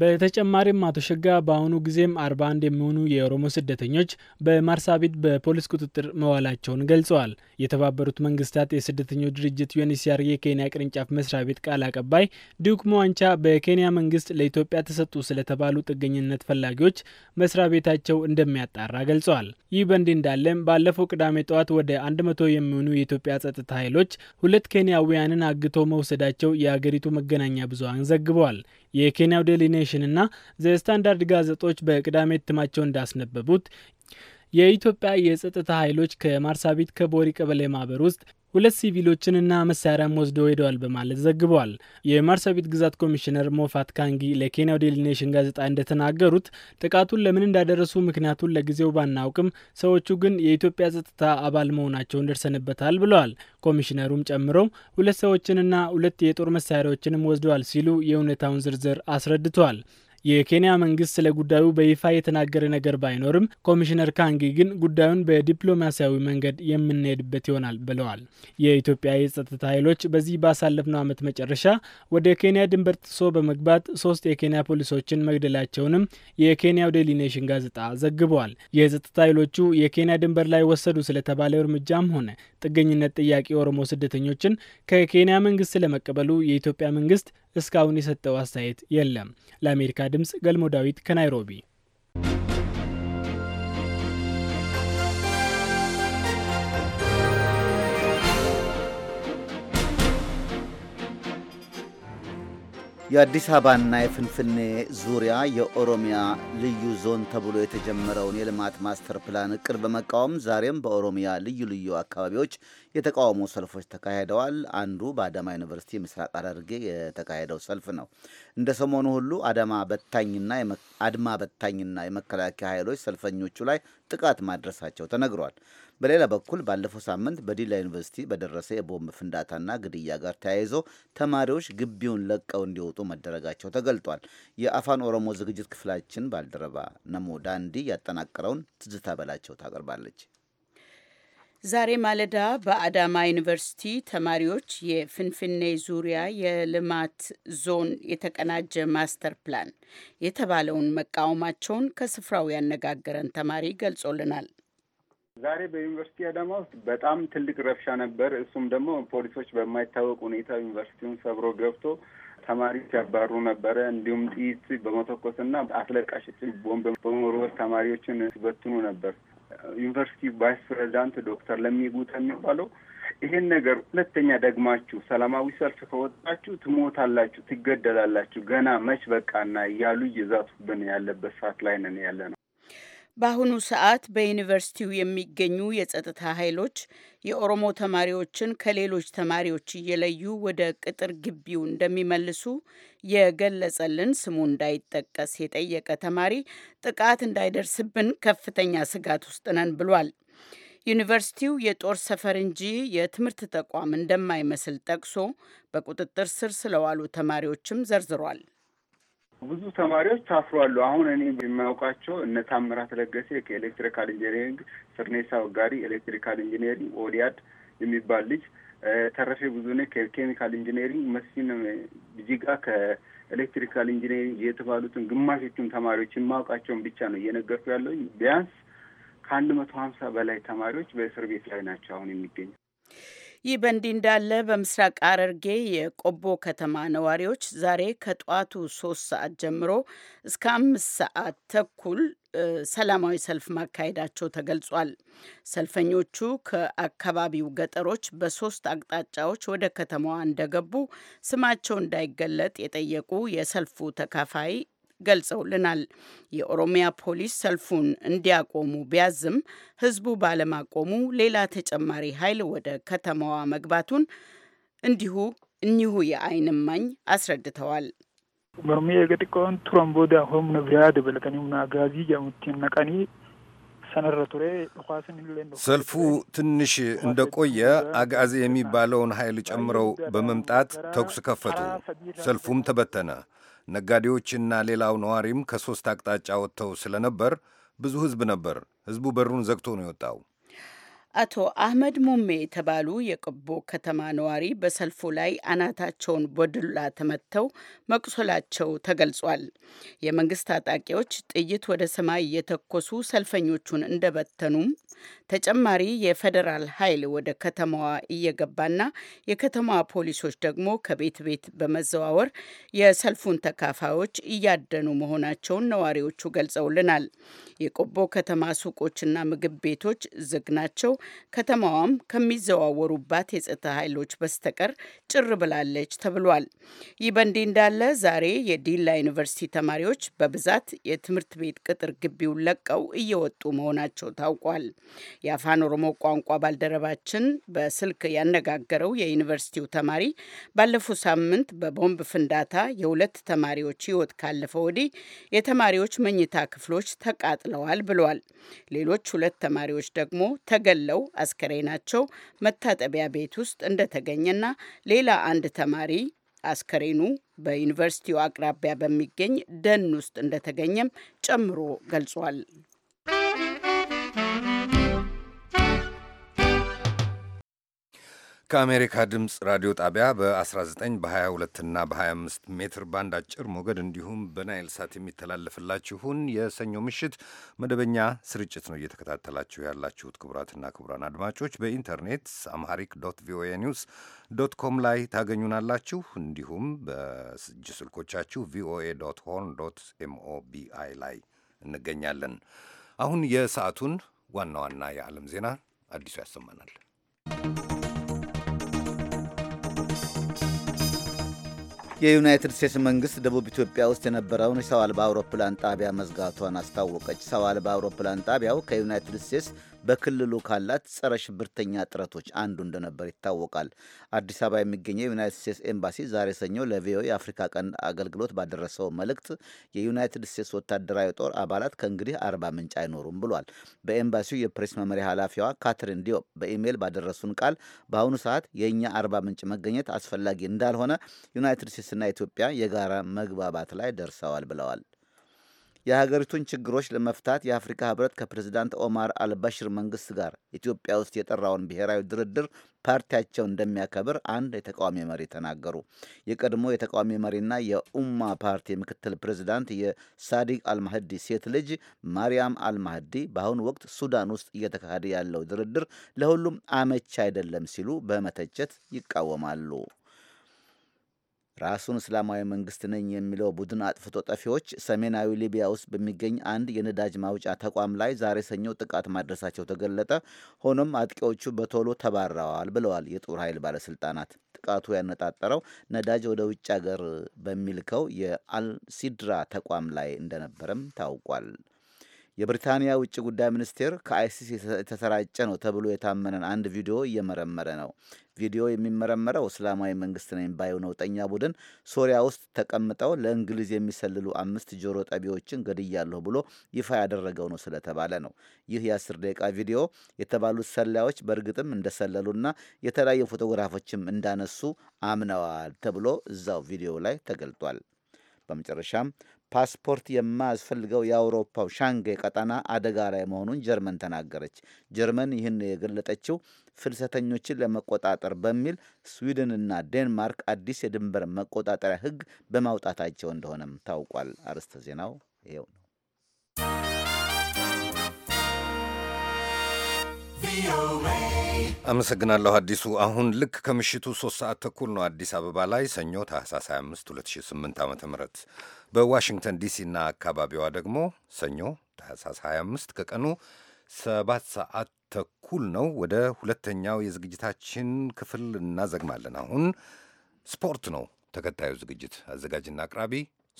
በተጨማሪም አቶ ሸጋ በአሁኑ ጊዜም አርባ አንድ የሚሆኑ የኦሮሞ ስደተኞች በማርሳቢት በፖሊስ ቁጥጥር መዋላቸውን ገልጸዋል። የተባበሩት መንግስታት የስደተኞች ድርጅት ዩኤንኤችሲአር የኬንያ ቅርንጫፍ መስሪያ ቤት ቃል አቀባይ ዲዩክ ሟንቻ በኬንያ መንግስት ለኢትዮጵያ ተሰጡ ስለተባሉ ጥገኝነት ፈላጊዎች መስሪያ ቤታቸው እንደሚያጣራ ገልጸዋል። ይህ በእንዲህ እንዳለም ባለፈው ቅዳሜ ጠዋት ወደ አንድ መቶ የሚሆኑ የኢትዮጵያ ጸጥታ ኃይሎች ሁለት ኬንያውያንን አግቶ መውሰዳቸው የአገሪቱ መገናኛ ብዙሃን ዘግበዋል። የኬንያው ዴሊ ኔሽን እና ዘ ስታንዳርድ ጋዜጦች በቅዳሜ እትማቸው እንዳስነበቡት የኢትዮጵያ የጸጥታ ኃይሎች ከማርሳቢት ከቦሪ ቀበሌ ማህበር ውስጥ ሁለት ሲቪሎችንና መሳሪያም ወስዶ ሄደዋል በማለት ዘግበዋል። የማርሳቢት ግዛት ኮሚሽነር ሞፋት ካንጊ ለኬንያው ዴይሊ ኔሽን ጋዜጣ እንደተናገሩት ጥቃቱን ለምን እንዳደረሱ ምክንያቱን ለጊዜው ባናውቅም፣ ሰዎቹ ግን የኢትዮጵያ ጸጥታ አባል መሆናቸውን ደርሰንበታል ብለዋል። ኮሚሽነሩም ጨምሮ ሁለት ሰዎችንና ሁለት የጦር መሳሪያዎችንም ወስደዋል ሲሉ የእውነታውን ዝርዝር አስረድተዋል። የኬንያ መንግስት ስለ ጉዳዩ በይፋ የተናገረ ነገር ባይኖርም ኮሚሽነር ካንጊ ግን ጉዳዩን በዲፕሎማሲያዊ መንገድ የምንሄድበት ይሆናል ብለዋል። የኢትዮጵያ የጸጥታ ኃይሎች በዚህ ባሳለፍነው ዓመት መጨረሻ ወደ ኬንያ ድንበር ጥሶ በመግባት ሶስት የኬንያ ፖሊሶችን መግደላቸውንም የኬንያው ዴሊ ኔሽን ጋዜጣ ዘግበዋል። የጸጥታ ኃይሎቹ የኬንያ ድንበር ላይ ወሰዱ ስለተባለው እርምጃም ሆነ ጥገኝነት ጥያቄ ኦሮሞ ስደተኞችን ከኬንያ መንግስት ስለመቀበሉ የኢትዮጵያ መንግስት እስካሁን የሰጠው አስተያየት የለም። ለአሜሪካ ድምፅ ገልሞ ዳዊት ከናይሮቢ የአዲስ አበባና የፍንፍኔ ዙሪያ የኦሮሚያ ልዩ ዞን ተብሎ የተጀመረውን የልማት ማስተር ፕላን እቅድ በመቃወም ዛሬም በኦሮሚያ ልዩ ልዩ አካባቢዎች የተቃውሞ ሰልፎች ተካሂደዋል። አንዱ በአዳማ ዩኒቨርሲቲ ምስራቅ ሐረርጌ የተካሄደው ሰልፍ ነው። እንደ ሰሞኑ ሁሉ አዳማ በታኝና አድማ በታኝና የመከላከያ ኃይሎች ሰልፈኞቹ ላይ ጥቃት ማድረሳቸው ተነግሯል። በሌላ በኩል ባለፈው ሳምንት በዲላ ዩኒቨርሲቲ በደረሰ የቦምብ ፍንዳታና ግድያ ጋር ተያይዞ ተማሪዎች ግቢውን ለቀው እንዲወጡ መደረጋቸው ተገልጧል። የአፋን ኦሮሞ ዝግጅት ክፍላችን ባልደረባ ነሞ ዳንዲ ያጠናቀረውን ትዝታ በላቸው ታቀርባለች። ዛሬ ማለዳ በአዳማ ዩኒቨርሲቲ ተማሪዎች የፍንፍኔ ዙሪያ የልማት ዞን የተቀናጀ ማስተር ፕላን የተባለውን መቃወማቸውን ከስፍራው ያነጋገረን ተማሪ ገልጾልናል። ዛሬ በዩኒቨርሲቲ አዳማ ውስጥ በጣም ትልቅ ረብሻ ነበር። እሱም ደግሞ ፖሊሶች በማይታወቅ ሁኔታ ዩኒቨርሲቲውን ሰብሮ ገብቶ ተማሪ ሲያባሩ ነበረ። እንዲሁም ጥይት በመተኮስ አስለቃሽ ቦምብ በመወርወር ተማሪዎችን ሲበትኑ ነበር። ዩኒቨርሲቲ ቫይስ ፕሬዚዳንት ዶክተር ለሚጉት የሚባለው ይሄን ነገር ሁለተኛ ደግማችሁ ሰላማዊ ሰልፍ ከወጣችሁ ትሞታላችሁ፣ ትገደላላችሁ፣ ገና መች በቃና እያሉ እየዛቱብን ያለበት ሰዓት ላይ ነን ያለ ነው። በአሁኑ ሰዓት በዩኒቨርሲቲው የሚገኙ የጸጥታ ኃይሎች የኦሮሞ ተማሪዎችን ከሌሎች ተማሪዎች እየለዩ ወደ ቅጥር ግቢው እንደሚመልሱ የገለጸልን ስሙ እንዳይጠቀስ የጠየቀ ተማሪ ጥቃት እንዳይደርስብን ከፍተኛ ስጋት ውስጥ ነን ብሏል። ዩኒቨርሲቲው የጦር ሰፈር እንጂ የትምህርት ተቋም እንደማይመስል ጠቅሶ በቁጥጥር ስር ስለዋሉ ተማሪዎችም ዘርዝሯል። ብዙ ተማሪዎች ታስሯሉ። አሁን እኔ የማያውቃቸው እነ ታምራት ለገሴ ከኤሌክትሪካል ኢንጂኒሪንግ፣ ስርኔሳ ወጋሪ ኤሌክትሪካል ኢንጂኒሪንግ ኦዲያድ የሚባል ልጅ ተረፌ ብዙነህ ከኬሚካል ኢንጂኒሪንግ፣ መስፍን ጅጋ ከኤሌክትሪካል ኢንጂኒሪንግ የተባሉትን ግማሾቹን ተማሪዎች የማውቃቸውን ብቻ ነው እየነገርኩ ያለሁኝ። ቢያንስ ከአንድ መቶ ሀምሳ በላይ ተማሪዎች በእስር ቤት ላይ ናቸው አሁን የሚገኙ ይህ በእንዲህ እንዳለ በምስራቅ ሐረርጌ የቆቦ ከተማ ነዋሪዎች ዛሬ ከጠዋቱ ሶስት ሰዓት ጀምሮ እስከ አምስት ሰዓት ተኩል ሰላማዊ ሰልፍ ማካሄዳቸው ተገልጿል። ሰልፈኞቹ ከአካባቢው ገጠሮች በሶስት አቅጣጫዎች ወደ ከተማዋ እንደገቡ ስማቸው እንዳይገለጥ የጠየቁ የሰልፉ ተካፋይ ገልጸውልናል። የኦሮሚያ ፖሊስ ሰልፉን እንዲያቆሙ ቢያዝም ህዝቡ ባለማቆሙ ሌላ ተጨማሪ ኃይል ወደ ከተማዋ መግባቱን እንዲሁ እኚሁ የአይን እማኝ አስረድተዋል። ኦሮሚ የገጥቀውን ቱረን ዳሆም ሆምነ ብራ አጋዚ ጀሙቲን ነቀኒ ሰልፉ ትንሽ እንደቆየ አጋዜ የሚባለውን ኃይል ጨምረው በመምጣት ተኩስ ከፈቱ። ሰልፉም ተበተነ። ነጋዴዎችና ሌላው ነዋሪም ከሦስት አቅጣጫ ወጥተው ስለነበር ብዙ ሕዝብ ነበር። ሕዝቡ በሩን ዘግቶ ነው የወጣው። አቶ አህመድ ሙሜ የተባሉ የቅቦ ከተማ ነዋሪ በሰልፉ ላይ አናታቸውን በዱላ ተመተው መቁሰላቸው ተገልጿል። የመንግስት ታጣቂዎች ጥይት ወደ ሰማይ እየተኮሱ ሰልፈኞቹን እንደበተኑም ተጨማሪ የፌዴራል ኃይል ወደ ከተማዋ እየገባና የከተማዋ ፖሊሶች ደግሞ ከቤት ቤት በመዘዋወር የሰልፉን ተካፋዮች እያደኑ መሆናቸውን ነዋሪዎቹ ገልጸውልናል። የቆቦ ከተማ ሱቆችና ምግብ ቤቶች ዝግ ናቸው። ከተማዋም ከሚዘዋወሩባት የጸጥታ ኃይሎች በስተቀር ጭር ብላለች ተብሏል። ይህ በእንዲህ እንዳለ ዛሬ የዲላ ዩኒቨርሲቲ ተማሪዎች በብዛት የትምህርት ቤት ቅጥር ግቢውን ለቀው እየወጡ መሆናቸው ታውቋል። የአፋን ኦሮሞ ቋንቋ ባልደረባችን በስልክ ያነጋገረው የዩኒቨርሲቲው ተማሪ ባለፈው ሳምንት በቦምብ ፍንዳታ የሁለት ተማሪዎች ሕይወት ካለፈ ወዲህ የተማሪዎች መኝታ ክፍሎች ተቃጥለዋል ብሏል። ሌሎች ሁለት ተማሪዎች ደግሞ ተገለው ተገድለው አስከሬናቸው መታጠቢያ ቤት ውስጥ እንደተገኘና ሌላ አንድ ተማሪ አስከሬኑ በዩኒቨርሲቲው አቅራቢያ በሚገኝ ደን ውስጥ እንደተገኘም ጨምሮ ገልጿል። ከአሜሪካ ድምፅ ራዲዮ ጣቢያ በ19 በ22 እና በ25 ሜትር ባንድ አጭር ሞገድ እንዲሁም በናይል ሳት የሚተላለፍላችሁን የሰኞ ምሽት መደበኛ ስርጭት ነው እየተከታተላችሁ ያላችሁት። ክቡራትና ክቡራን አድማጮች በኢንተርኔት አምሃሪክ ዶት ቪኦኤ ኒውስ ዶት ኮም ላይ ታገኙናላችሁ። እንዲሁም በእጅ ስልኮቻችሁ ቪኦኤ ዶት ሆን ዶት ኤምኦቢአይ ላይ እንገኛለን። አሁን የሰዓቱን ዋና ዋና የዓለም ዜና አዲሱ ያሰማናል። የዩናይትድ ስቴትስ መንግስት ደቡብ ኢትዮጵያ ውስጥ የነበረውን ሰው አልባ አውሮፕላን ጣቢያ መዝጋቷን አስታወቀች። ሰው አልባ አውሮፕላን ጣቢያው ከዩናይትድ ስቴትስ በክልሉ ካላት ጸረ ሽብርተኛ ጥረቶች አንዱ እንደነበር ይታወቃል። አዲስ አበባ የሚገኘው የዩናይትድ ስቴትስ ኤምባሲ ዛሬ ሰኞ ለቪኦኤ የአፍሪካ ቀንድ አገልግሎት ባደረሰው መልእክት የዩናይትድ ስቴትስ ወታደራዊ ጦር አባላት ከእንግዲህ አርባ ምንጭ አይኖሩም ብሏል። በኤምባሲው የፕሬስ መመሪያ ኃላፊዋ ካትሪን ዲዮ በኢሜይል ባደረሱን ቃል በአሁኑ ሰዓት የእኛ አርባ ምንጭ መገኘት አስፈላጊ እንዳልሆነ ዩናይትድ ስቴትስና ኢትዮጵያ የጋራ መግባባት ላይ ደርሰዋል ብለዋል። የሀገሪቱን ችግሮች ለመፍታት የአፍሪካ ህብረት ከፕሬዚዳንት ኦማር አልባሽር መንግስት ጋር ኢትዮጵያ ውስጥ የጠራውን ብሔራዊ ድርድር ፓርቲያቸው እንደሚያከብር አንድ የተቃዋሚ መሪ ተናገሩ። የቀድሞ የተቃዋሚ መሪና የኡማ ፓርቲ ምክትል ፕሬዚዳንት የሳዲቅ አልማህዲ ሴት ልጅ ማርያም አልማህዲ በአሁኑ ወቅት ሱዳን ውስጥ እየተካሄደ ያለው ድርድር ለሁሉም አመቻ አይደለም ሲሉ በመተቸት ይቃወማሉ። ራሱን እስላማዊ መንግስት ነኝ የሚለው ቡድን አጥፍቶ ጠፊዎች ሰሜናዊ ሊቢያ ውስጥ በሚገኝ አንድ የነዳጅ ማውጫ ተቋም ላይ ዛሬ ሰኞ ጥቃት ማድረሳቸው ተገለጠ። ሆኖም አጥቂዎቹ በቶሎ ተባረዋል ብለዋል የጦር ኃይል ባለስልጣናት። ጥቃቱ ያነጣጠረው ነዳጅ ወደ ውጭ ሀገር በሚልከው የአልሲድራ ተቋም ላይ እንደነበረም ታውቋል። የብሪታንያ ውጭ ጉዳይ ሚኒስቴር ከአይሲስ የተሰራጨ ነው ተብሎ የታመነን አንድ ቪዲዮ እየመረመረ ነው። ቪዲዮ የሚመረመረው እስላማዊ መንግስት ነኝ ባዩ ነውጠኛ ቡድን ሶሪያ ውስጥ ተቀምጠው ለእንግሊዝ የሚሰልሉ አምስት ጆሮ ጠቢዎችን ገድያለሁ ብሎ ይፋ ያደረገው ነው ስለተባለ ነው። ይህ የአስር ደቂቃ ቪዲዮ የተባሉት ሰላዮች በእርግጥም እንደሰለሉና የተለያዩ ፎቶግራፎችም እንዳነሱ አምነዋል ተብሎ እዛው ቪዲዮ ላይ ተገልጧል። በመጨረሻም ፓስፖርት የማያስፈልገው የአውሮፓው ሻንጋይ ቀጠና አደጋ ላይ መሆኑን ጀርመን ተናገረች። ጀርመን ይህን የገለጠችው ፍልሰተኞችን ለመቆጣጠር በሚል ስዊድንና ዴንማርክ አዲስ የድንበር መቆጣጠሪያ ሕግ በማውጣታቸው እንደሆነም ታውቋል። አርዕስተ ዜናው ይኸው ነው። ቪኦኤ አመሰግናለሁ አዲሱ። አሁን ልክ ከምሽቱ ሶስት ሰዓት ተኩል ነው አዲስ አበባ ላይ ሰኞ ታህሳስ 25 2008 ዓ ም በዋሽንግተን እና አካባቢዋ ደግሞ ሰኞ ታህሳስ 25 ከቀኑ ሰባት ሰዓት ተኩል ነው። ወደ ሁለተኛው የዝግጅታችን ክፍል እናዘግማለን። አሁን ስፖርት ነው ተከታዩ ዝግጅት። አዘጋጅና አቅራቢ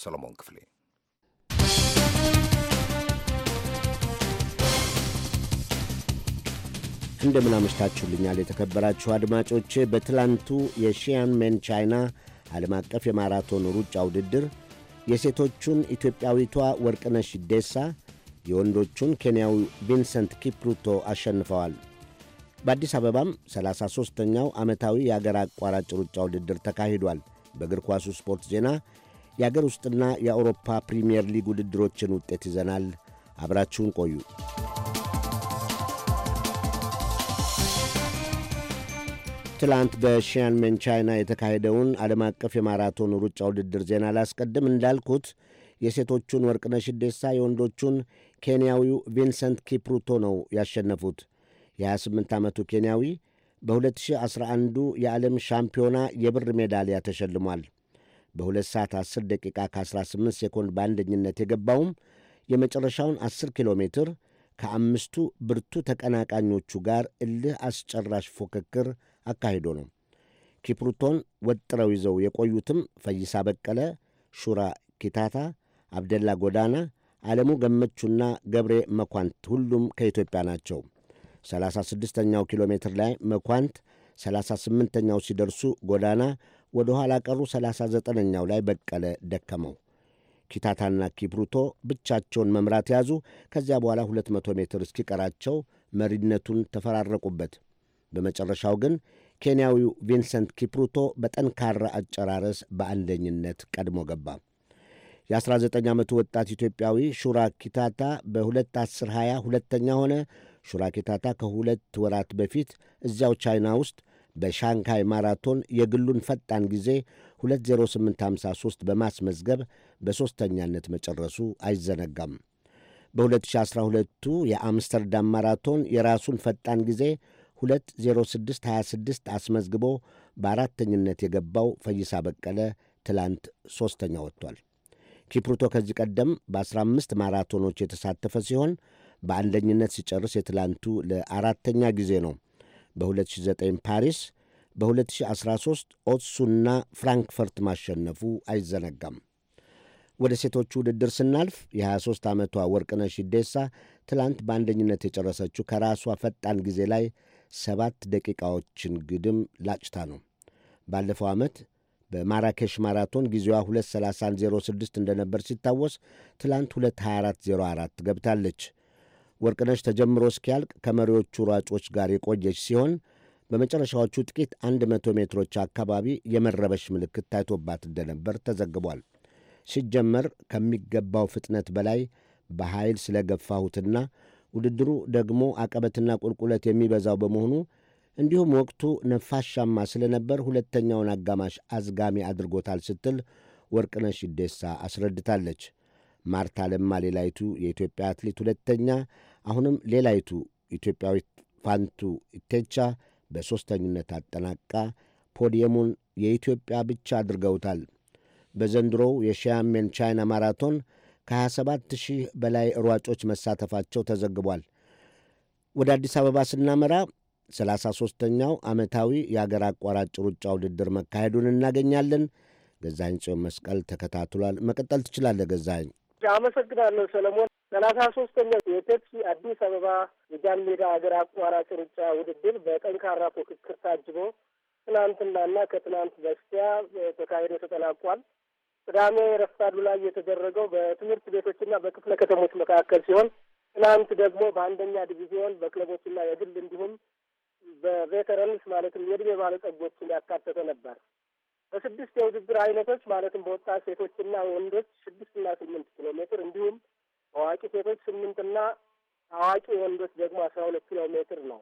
ሰሎሞን ክፍሌ እንደምናመሽታችሁልኛል አመሽታችሁልኛል የተከበራችሁ አድማጮች። በትላንቱ የሺያንሜን ቻይና ዓለም አቀፍ የማራቶን ሩጫ ውድድር የሴቶቹን ኢትዮጵያዊቷ ወርቅነሽ ይዴሳ የወንዶቹን ኬንያዊ ቪንሰንት ኪፕሩቶ አሸንፈዋል። በአዲስ አበባም 33ኛው ዓመታዊ የአገር አቋራጭ ሩጫ ውድድር ተካሂዷል። በእግር ኳሱ ስፖርት ዜና የአገር ውስጥና የአውሮፓ ፕሪምየር ሊግ ውድድሮችን ውጤት ይዘናል። አብራችሁን ቆዩ። ትላንት በሺያንሜን ቻይና የተካሄደውን ዓለም አቀፍ የማራቶን ሩጫ ውድድር ዜና ላስቀድም። እንዳልኩት የሴቶቹን ወርቅነሽ ኢዴሳ የወንዶቹን ኬንያዊው ቪንሰንት ኪፕሩቶ ነው ያሸነፉት። የ28 ዓመቱ ኬንያዊ በ2011 የዓለም ሻምፒዮና የብር ሜዳሊያ ተሸልሟል። ሰዓት 10 ደቂቃ ከ18 ሴኮንድ በአንደኝነት የገባውም የመጨረሻውን 10 ኪሎ ሜትር ከአምስቱ ብርቱ ተቀናቃኞቹ ጋር እልህ አስጨራሽ ፉክክር አካሂዶ ነው። ኪፕሩቶን ወጥረው ይዘው የቆዩትም ፈይሳ በቀለ፣ ሹራ ኪታታ፣ አብደላ ጎዳና፣ ዓለሙ ገመቹና ገብሬ መኳንት ሁሉም ከኢትዮጵያ ናቸው። 36ኛው ኪሎ ሜትር ላይ መኳንት 38ኛው ሲደርሱ ጎዳና ወደ ኋላ ቀሩ። 39ኛው ላይ በቀለ ደከመው። ኪታታና ኪፕሩቶ ብቻቸውን መምራት ያዙ። ከዚያ በኋላ 200 ሜትር እስኪቀራቸው መሪነቱን ተፈራረቁበት። በመጨረሻው ግን ኬንያዊው ቪንሰንት ኪፕሩቶ በጠንካራ አጨራረስ በአንደኝነት ቀድሞ ገባ። የ19 ዓመቱ ወጣት ኢትዮጵያዊ ሹራ ኪታታ በ2፡10፡20 ሁለተኛ ሆነ። ሹራ ኪታታ ከሁለት ወራት በፊት እዚያው ቻይና ውስጥ በሻንካይ ማራቶን የግሉን ፈጣን ጊዜ 2፡08፡53 በማስመዝገብ በሦስተኛነት መጨረሱ አይዘነጋም። በ2012ቱ የአምስተርዳም ማራቶን የራሱን ፈጣን ጊዜ 20626 አስመዝግቦ በአራተኝነት የገባው ፈይሳ በቀለ ትላንት ሦስተኛ ወጥቷል። ኪፕሩቶ ከዚህ ቀደም በ15 ማራቶኖች የተሳተፈ ሲሆን በአንደኝነት ሲጨርስ የትላንቱ ለአራተኛ ጊዜ ነው። በ2009 ፓሪስ፣ በ2013 ኦትሱና ፍራንክፈርት ማሸነፉ አይዘነጋም። ወደ ሴቶቹ ውድድር ስናልፍ የ23 ዓመቷ ወርቅነሽ ይዴሳ ትላንት በአንደኝነት የጨረሰችው ከራሷ ፈጣን ጊዜ ላይ ሰባት ደቂቃዎችን ግድም ላጭታ ነው። ባለፈው ዓመት በማራኬሽ ማራቶን ጊዜዋ 23106 እንደነበር ሲታወስ ትላንት 22404 ገብታለች። ወርቅነሽ ተጀምሮ እስኪያልቅ ከመሪዎቹ ሯጮች ጋር የቆየች ሲሆን በመጨረሻዎቹ ጥቂት 100 ሜትሮች አካባቢ የመረበሽ ምልክት ታይቶባት እንደነበር ተዘግቧል። ሲጀመር ከሚገባው ፍጥነት በላይ በኃይል ስለገፋሁትና ውድድሩ ደግሞ አቀበትና ቁልቁለት የሚበዛው በመሆኑ እንዲሁም ወቅቱ ነፋሻማ ስለነበር ሁለተኛውን አጋማሽ አዝጋሚ አድርጎታል ስትል ወርቅነሽ ይዴሳ አስረድታለች። ማርታ ለማ ሌላይቱ የኢትዮጵያ አትሌት ሁለተኛ፣ አሁንም ሌላይቱ ኢትዮጵያዊት ፋንቱ ኢቴቻ በሦስተኝነት አጠናቃ ፖዲየሙን የኢትዮጵያ ብቻ አድርገውታል። በዘንድሮው የሻያሜን ቻይና ማራቶን ከ27 ሺህ በላይ ሯጮች መሳተፋቸው ተዘግቧል። ወደ አዲስ አበባ ስናመራ 33ኛው ዓመታዊ የአገር አቋራጭ ሩጫ ውድድር መካሄዱን እናገኛለን። ገዛኝ ጽዮን መስቀል ተከታትሏል። መቀጠል ትችላለህ ገዛኝ አመሰግናለሁ ሰለሞን። ሰላሳ ሶስተኛው የፔፕሲ አዲስ አበባ የጃን ሜዳ አገር አቋራጭ ሩጫ ውድድር በጠንካራ ፉክክር ታጅቦ ትናንትናና ከትናንት በስቲያ ተካሂዶ ተጠናቋል። ቅዳሜ ረፋዱ ላይ የተደረገው በትምህርት ቤቶችና በክፍለ ከተሞች መካከል ሲሆን ትናንት ደግሞ በአንደኛ ዲቪዚዮን በክለቦችና የግል እንዲሁም በቬተረንስ ማለትም የእድሜ ባለጸጎችን ያካተተ ነበር። በስድስት የውድድር አይነቶች ማለትም በወጣት ሴቶችና ወንዶች ስድስትና ስምንት ኪሎ ሜትር እንዲሁም አዋቂ ሴቶች ስምንትና አዋቂ ወንዶች ደግሞ አስራ ሁለት ኪሎ ሜትር ነው።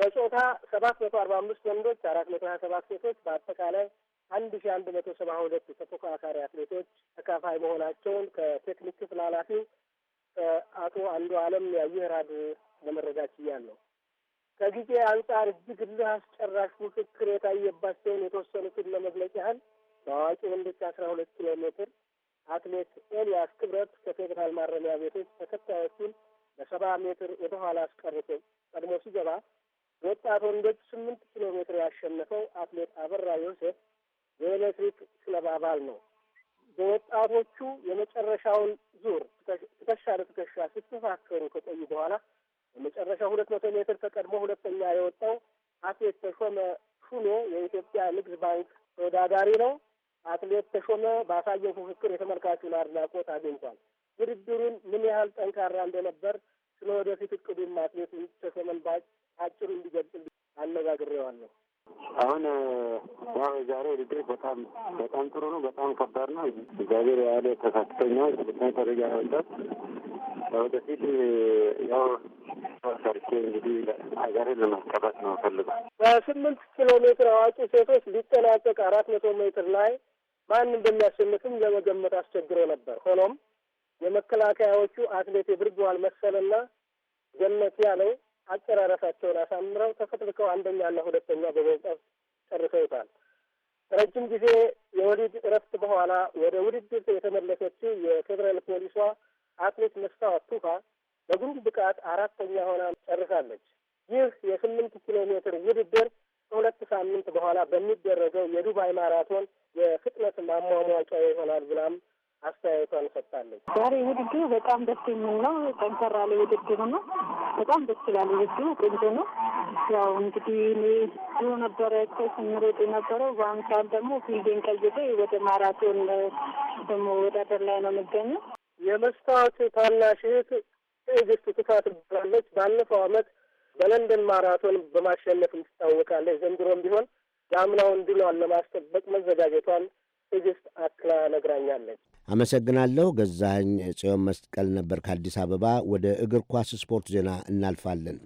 በጾታ ሰባት መቶ አርባ አምስት ወንዶች፣ አራት መቶ ሀያ ሰባት ሴቶች በአጠቃላይ አንድ ሺ አንድ መቶ ሰባ ሁለት ተፎካካሪ አትሌቶች ተካፋይ መሆናቸውን ከቴክኒክ ክፍል ኃላፊው አቶ አንዱ አለም ያየራዱ ለመረዳት ችያለሁ። ከጊዜ አንጻር እጅግ እልህ አስጨራሽ ምክክር የታየባቸውን የተወሰኑትን ለመግለጽ ያህል በአዋቂ ወንዶች አስራ ሁለት ኪሎ ሜትር አትሌት ኤልያስ ክብረት ከፌዴራል ማረሚያ ቤቶች ተከታዮቹን በሰባ ሜትር ወደኋላ አስቀርቶ ቀድሞ ሲገባ በወጣት ወንዶች ስምንት ኪሎ ሜትር ያሸነፈው አትሌት አበራ ዮሴፍ የኤሌክትሪክ ክለብ አባል ነው። በወጣቶቹ የመጨረሻውን ዙር ትከሻ ለትከሻ ሲተፋከሩ ከቆዩ በኋላ በመጨረሻው ሁለት መቶ ሜትር ተቀድሞ ሁለተኛ የወጣው አትሌት ተሾመ ሹኖ የኢትዮጵያ ንግድ ባንክ ተወዳዳሪ ነው። አትሌት ተሾመ ባሳየው ፉክክር የተመልካቹን አድናቆት አግኝቷል። ውድድሩን ምን ያህል ጠንካራ እንደነበር ስለ ወደፊት እቅዱም አትሌት ተሾመን በአጭሩ እንዲገልጽ አነጋግሬዋለሁ። አሁን ያው የዛሬ ውድድር በጣም በጣም ጥሩ ነው። በጣም ከባድ ነው። እግዚአብሔር ያለ ተሳትፈኛል በጣም ደረጃ ያወጣት ወደፊት ያው ሰርቼ እንግዲህ ሀገርን ለማስቀባት ነው ፈልገው በስምንት ኪሎ ሜትር አዋቂ ሴቶች ሊጠናቀቅ አራት መቶ ሜትር ላይ ማን እንደሚያሸንፍም ለመገመት አስቸግሮ ነበር። ሆኖም የመከላከያዎቹ አትሌት የብርግዋል መሰለና ገነት ያለው አጨራረሳቸውን አሳምረው ተፈትልከው አንደኛና ሁለተኛ በመውጣት ጨርሰውታል። ረጅም ጊዜ የወሊድ እረፍት በኋላ ወደ ውድድር የተመለሰችው የፌዴራል ፖሊሷ አትሌት መስታወት ቱፋ በጉንድ ብቃት አራተኛ ሆና ጨርሳለች። ይህ የስምንት ኪሎ ሜትር ውድድር ከሁለት ሳምንት በኋላ በሚደረገው የዱባይ ማራቶን የፍጥነት ማሟሟቂያ ይሆናል ብላም አስተያየቷን ሰጥታለች። ዛሬ ውድድሩ በጣም ደስ የሚል ነው። ጠንከራ ላይ ውድድሩ ነው። በጣም ደስ ይላል። ውድድሩ ቆንጆ ነው። ያው እንግዲህ እኔ ድሮ ነበረ ስንሮጥ የነበረው በአሁኑ ሰዓት ደግሞ ፊልዴን ቀይሬ ወደ ማራቶን ደግሞ ወዳደር ላይ ነው የምገኘው። የመስታወት ታናሽ እህት ትዕግስት ትፋት ትባላለች። ባለፈው አመት በለንደን ማራቶን በማሸነፍ ትታወቃለች። ዘንድሮም ቢሆን የአምናውን ድሏን ለማስጠበቅ መዘጋጀቷን ትዕግስት አክላ ነግራኛለች። አመሰግናለሁ። ገዛኸኝ ጽዮን መስቀል ነበር ከአዲስ አበባ። ወደ እግር ኳስ ስፖርት ዜና እናልፋለን።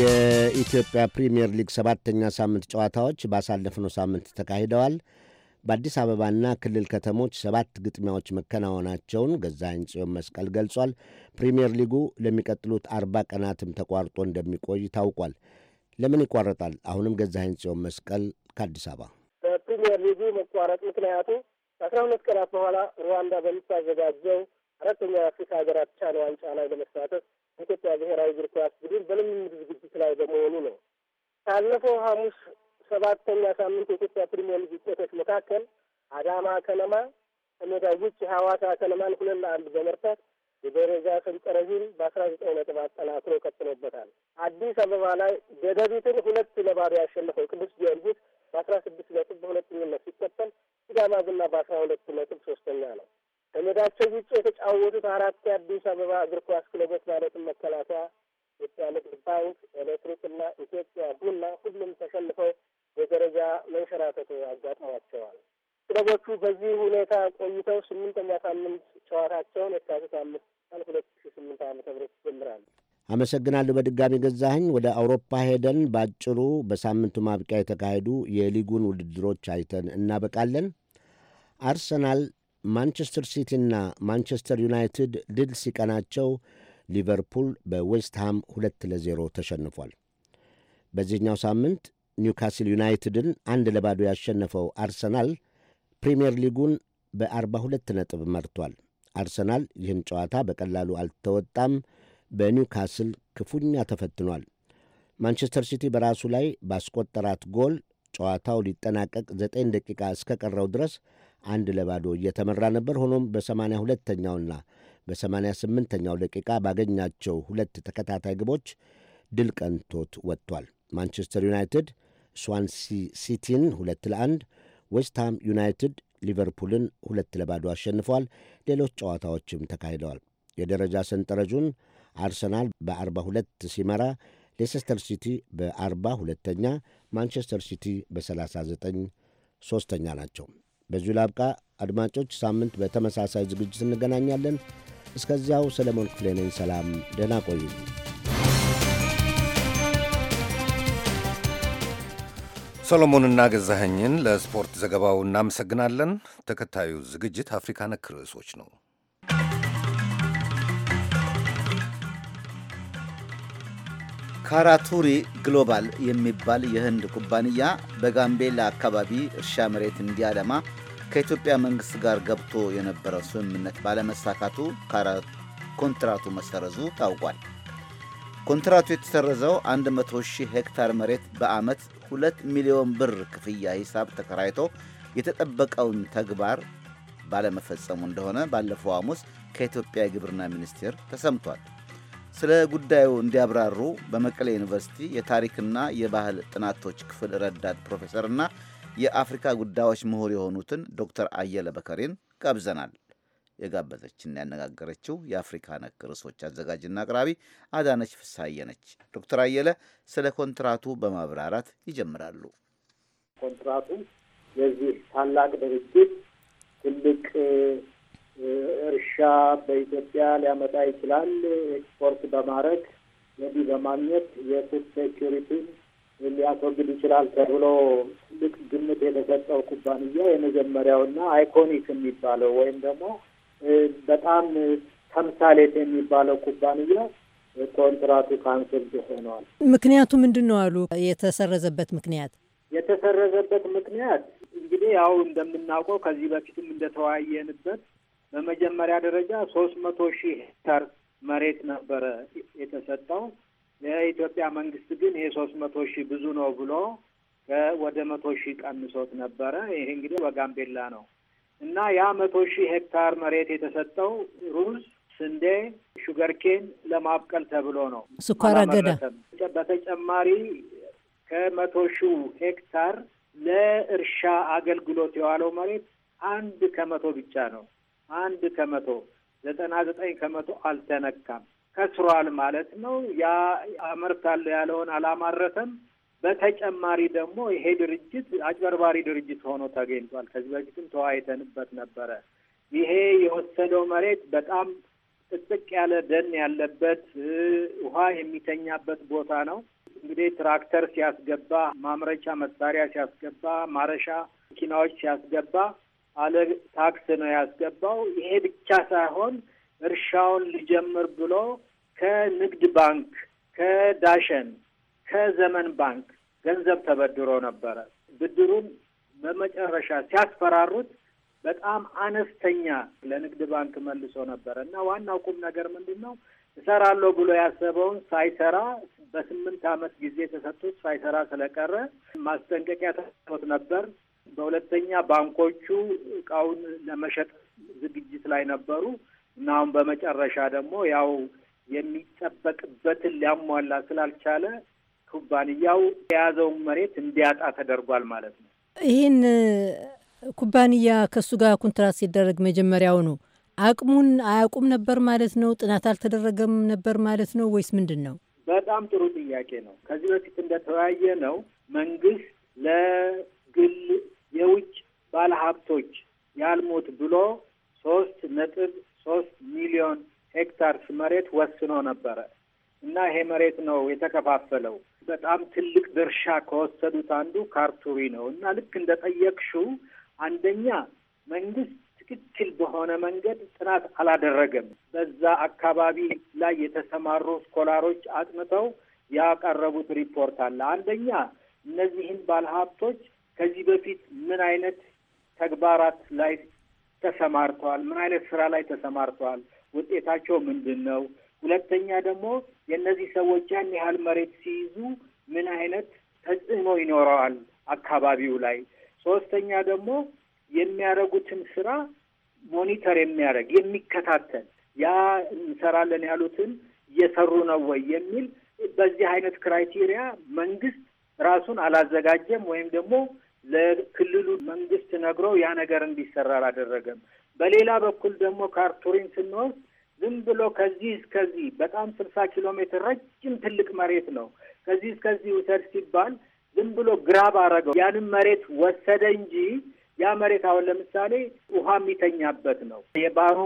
የኢትዮጵያ ፕሪምየር ሊግ ሰባተኛ ሳምንት ጨዋታዎች ባሳለፍነው ሳምንት ተካሂደዋል። በአዲስ አበባና ክልል ከተሞች ሰባት ግጥሚያዎች መከናወናቸውን ገዛኝ ጽዮን መስቀል ገልጿል። ፕሪምየር ሊጉ ለሚቀጥሉት አርባ ቀናትም ተቋርጦ እንደሚቆይ ታውቋል። ለምን ይቋረጣል? አሁንም ገዛኸኝ ጽዮን መስቀል ከአዲስ አበባ። በፕሪሚየር ሊጉ መቋረጥ ምክንያቱ ከአስራ ሁለት ቀናት በኋላ ሩዋንዳ በምታዘጋጀው አራተኛ የአፍሪካ ሀገራት ቻን ዋንጫ ላይ ለመሳተፍ የኢትዮጵያ ብሔራዊ እግር ኳስ ቡድን በልምምድ ዝግጅት ላይ በመሆኑ ነው። ካለፈው ሐሙስ ሰባተኛ ሳምንት የኢትዮጵያ ፕሪሚየር ሊግ ውጤቶች መካከል አዳማ ከነማ ከሜዳ ውጭ ሐዋሳ ከነማን ሁለት ለአንድ በመርታት የደረጃ ሰንጠረዡን በአስራ ዘጠኝ ነጥብ አጠናክሮ ቀጥሎበታል። አዲስ አበባ ላይ ደደቢትን ሁለት ለባዶ ያሸነፈው ቅዱስ ጊዮርጊስ በአስራ ስድስት ነጥብ በሁለተኝነት ሲቀጠል፣ ሲዳማ ቡና በአስራ ሁለት ነጥብ ሶስተኛ ነው። ከሜዳቸው ውጭ የተጫወቱት አራት የአዲስ አበባ እግር ኳስ ክለቦች ማለትም መከላከያ፣ ኢትዮጵያ ንግድ ባንክ፣ ኤሌክትሪክ እና ኢትዮጵያ ቡና ሁሉም ተሸንፈው የደረጃ መንሸራተቱ አጋጥሟቸዋል። ክለቦቹ በዚህ ሁኔታ ቆይተው ስምንተኛ ሳምንት ጨዋታቸውን የካቲት አምስት ቀን ሁለት ሺ ስምንት ዓመተ ምህረት ይጀምራሉ። አመሰግናለሁ። በድጋሚ ገዛኸኝ። ወደ አውሮፓ ሄደን ባጭሩ በሳምንቱ ማብቂያ የተካሄዱ የሊጉን ውድድሮች አይተን እናበቃለን። አርሰናል፣ ማንቸስተር ሲቲና ማንቸስተር ዩናይትድ ድል ሲቀናቸው ሊቨርፑል በዌስትሃም ሁለት ለዜሮ ተሸንፏል። በዚህኛው ሳምንት ኒውካስል ዩናይትድን አንድ ለባዶ ያሸነፈው አርሰናል ፕሪምየር ሊጉን በ42 ነጥብ መርቷል። አርሰናል ይህን ጨዋታ በቀላሉ አልተወጣም። በኒውካስል ክፉኛ ተፈትኗል። ማንቸስተር ሲቲ በራሱ ላይ ባስቆጠራት ጎል ጨዋታው ሊጠናቀቅ 9 ደቂቃ እስከቀረው ድረስ አንድ ለባዶ እየተመራ ነበር። ሆኖም በ82ኛውና በ88ኛው ደቂቃ ባገኛቸው ሁለት ተከታታይ ግቦች ድል ቀንቶት ወጥቷል። ማንቸስተር ዩናይትድ ስዋንሲ ሲቲን ሁለት ለአንድ ዌስትሃም ዩናይትድ ሊቨርፑልን ሁለት ለባዶ አሸንፏል። ሌሎች ጨዋታዎችም ተካሂደዋል። የደረጃ ሰንጠረዡን አርሰናል በ42 ሲመራ ሌስተር ሲቲ በ40 ሁለተኛ፣ ማንቸስተር ሲቲ በ39 ሦስተኛ ናቸው። በዚሁ ላብቃ አድማጮች። ሳምንት በተመሳሳይ ዝግጅት እንገናኛለን። እስከዚያው ሰለሞን ክፍሌ ነኝ። ሰላም፣ ደህና ቆዩ። ሰሎሞንና ገዛኸኝን ለስፖርት ዘገባው እናመሰግናለን። ተከታዩ ዝግጅት አፍሪካ ነክ ርዕሶች ነው። ካራቱሪ ግሎባል የሚባል የህንድ ኩባንያ በጋምቤላ አካባቢ እርሻ መሬት እንዲያለማ ከኢትዮጵያ መንግሥት ጋር ገብቶ የነበረው ስምምነት ባለመሳካቱ ኮንትራቱ መሰረዙ ታውቋል። ኮንትራቱ የተሰረዘው 100 ሺህ ሄክታር መሬት በዓመት ሁለት ሚሊዮን ብር ክፍያ ሂሳብ ተከራይቶ የተጠበቀውን ተግባር ባለመፈጸሙ እንደሆነ ባለፈው ሐሙስ ከኢትዮጵያ የግብርና ሚኒስቴር ተሰምቷል። ስለ ጉዳዩ እንዲያብራሩ በመቀሌ ዩኒቨርሲቲ የታሪክና የባህል ጥናቶች ክፍል ረዳት ፕሮፌሰርና የአፍሪካ ጉዳዮች ምሁር የሆኑትን ዶክተር አየለ በከሬን ጋብዘናል። የጋበዘችና ያነጋገረችው የአፍሪካ ነክ ርዕሶች አዘጋጅና አቅራቢ አዳነች ፍሳየ ነች። ዶክተር አየለ ስለ ኮንትራቱ በማብራራት ይጀምራሉ። ኮንትራቱ የዚህ ታላቅ ድርጅት ትልቅ እርሻ በኢትዮጵያ ሊያመጣ ይችላል፣ ኤክስፖርት በማድረግ ገቢ በማግኘት የፉድ ሴኪሪቲን ሊያስወግድ ይችላል ተብሎ ትልቅ ግምት የተሰጠው ኩባንያ የመጀመሪያውና አይኮኒክ የሚባለው ወይም ደግሞ በጣም ተምሳሌት የሚባለው ኩባንያ ኮንትራቱ ካንስል ሆነዋል። ምክንያቱ ምንድን ነው አሉ። የተሰረዘበት ምክንያት የተሰረዘበት ምክንያት እንግዲህ ያው እንደምናውቀው ከዚህ በፊትም እንደተወያየንበት በመጀመሪያ ደረጃ ሶስት መቶ ሺህ ሄክታር መሬት ነበረ የተሰጠው። የኢትዮጵያ መንግስት ግን ይሄ ሶስት መቶ ሺህ ብዙ ነው ብሎ ወደ መቶ ሺህ ቀንሶት ነበረ። ይሄ እንግዲህ በጋምቤላ ነው እና ያ መቶ ሺህ ሄክታር መሬት የተሰጠው ሩዝ፣ ስንዴ፣ ሹገርኬን ለማብቀል ተብሎ ነው። ስኳር አገዳ በተጨማሪ ከመቶ ሺህ ሄክታር ለእርሻ አገልግሎት የዋለው መሬት አንድ ከመቶ ብቻ ነው። አንድ ከመቶ ዘጠና ዘጠኝ ከመቶ አልተነካም። ከስሯል ማለት ነው። ያ አመርታለሁ ያለውን አላማረተም። በተጨማሪ ደግሞ ይሄ ድርጅት አጭበርባሪ ድርጅት ሆኖ ተገኝቷል። ከዚህ በፊትም ተወያይተንበት ነበረ። ይሄ የወሰደው መሬት በጣም ጥቅጥቅ ያለ ደን ያለበት ውሃ የሚተኛበት ቦታ ነው። እንግዲህ ትራክተር ሲያስገባ፣ ማምረቻ መሳሪያ ሲያስገባ፣ ማረሻ መኪናዎች ሲያስገባ አለ ታክስ ነው ያስገባው። ይሄ ብቻ ሳይሆን እርሻውን ሊጀምር ብሎ ከንግድ ባንክ ከዳሸን ከዘመን ባንክ ገንዘብ ተበድሮ ነበረ። ብድሩን በመጨረሻ ሲያስፈራሩት በጣም አነስተኛ ለንግድ ባንክ መልሶ ነበረ እና ዋናው ቁም ነገር ምንድን ነው? እሰራለሁ ብሎ ያሰበውን ሳይሰራ በስምንት ዓመት ጊዜ ተሰጥቶት ሳይሰራ ስለቀረ ማስጠንቀቂያ ተሰጥቶት ነበር። በሁለተኛ ባንኮቹ እቃውን ለመሸጥ ዝግጅት ላይ ነበሩ እና አሁን በመጨረሻ ደግሞ ያው የሚጠበቅበትን ሊያሟላ ስላልቻለ ኩባንያው የያዘውን መሬት እንዲያጣ ተደርጓል ማለት ነው። ይህን ኩባንያ ከእሱ ጋር ኮንትራት ሲደረግ መጀመሪያው ነው አቅሙን አያውቁም ነበር ማለት ነው። ጥናት አልተደረገም ነበር ማለት ነው ወይስ ምንድን ነው? በጣም ጥሩ ጥያቄ ነው። ከዚህ በፊት እንደተወያየ ነው መንግስት ለግል የውጭ ባለሀብቶች ያልሙት ብሎ ሶስት ነጥብ ሶስት ሚሊዮን ሄክታርስ መሬት ወስኖ ነበረ እና ይሄ መሬት ነው የተከፋፈለው በጣም ትልቅ ድርሻ ከወሰዱት አንዱ ካርቱሪ ነው እና ልክ እንደ ጠየቅሽው አንደኛ መንግስት ትክክል በሆነ መንገድ ጥናት አላደረገም። በዛ አካባቢ ላይ የተሰማሩ ስኮላሮች አጥንተው ያቀረቡት ሪፖርት አለ። አንደኛ እነዚህን ባለሀብቶች ከዚህ በፊት ምን አይነት ተግባራት ላይ ተሰማርተዋል፣ ምን አይነት ስራ ላይ ተሰማርተዋል፣ ውጤታቸው ምንድን ነው ሁለተኛ ደግሞ የእነዚህ ሰዎች ያን ያህል መሬት ሲይዙ ምን አይነት ተጽዕኖ ይኖረዋል አካባቢው ላይ፣ ሶስተኛ ደግሞ የሚያደርጉትን ስራ ሞኒተር የሚያደርግ የሚከታተል ያ እንሰራለን ያሉትን እየሰሩ ነው ወይ የሚል በዚህ አይነት ክራይቴሪያ መንግስት ራሱን አላዘጋጀም ወይም ደግሞ ለክልሉ መንግስት ነግሮ ያ ነገር እንዲሰራ አላደረገም። በሌላ በኩል ደግሞ ካርቱሪን ስንወስድ ዝም ብሎ ከዚህ እስከዚህ በጣም ስልሳ ኪሎ ሜትር ረጅም ትልቅ መሬት ነው። ከዚህ እስከዚህ ውሰድ ሲባል ዝም ብሎ ግራብ አረገው። ያንም መሬት ወሰደ እንጂ ያ መሬት አሁን ለምሳሌ ውሃ የሚተኛበት ነው። የባሮ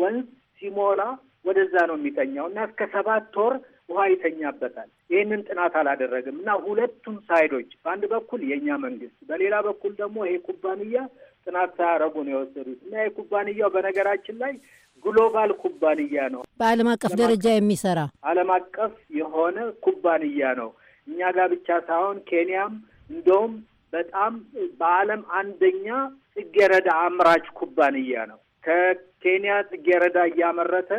ወንዝ ሲሞላ ወደዛ ነው የሚተኛው እና እስከ ሰባት ወር ውሃ ይተኛበታል። ይህንን ጥናት አላደረግም እና ሁለቱም ሳይዶች በአንድ በኩል የእኛ መንግስት፣ በሌላ በኩል ደግሞ ይሄ ኩባንያ ጥናት ሳያረጉ ነው የወሰዱት እና ይሄ ኩባንያው በነገራችን ላይ ግሎባል ኩባንያ ነው። በዓለም አቀፍ ደረጃ የሚሰራ ዓለም አቀፍ የሆነ ኩባንያ ነው። እኛ ጋር ብቻ ሳይሆን ኬንያም እንደውም በጣም በዓለም አንደኛ ጽጌረዳ አምራች ኩባንያ ነው። ከኬንያ ጽጌረዳ እያመረተ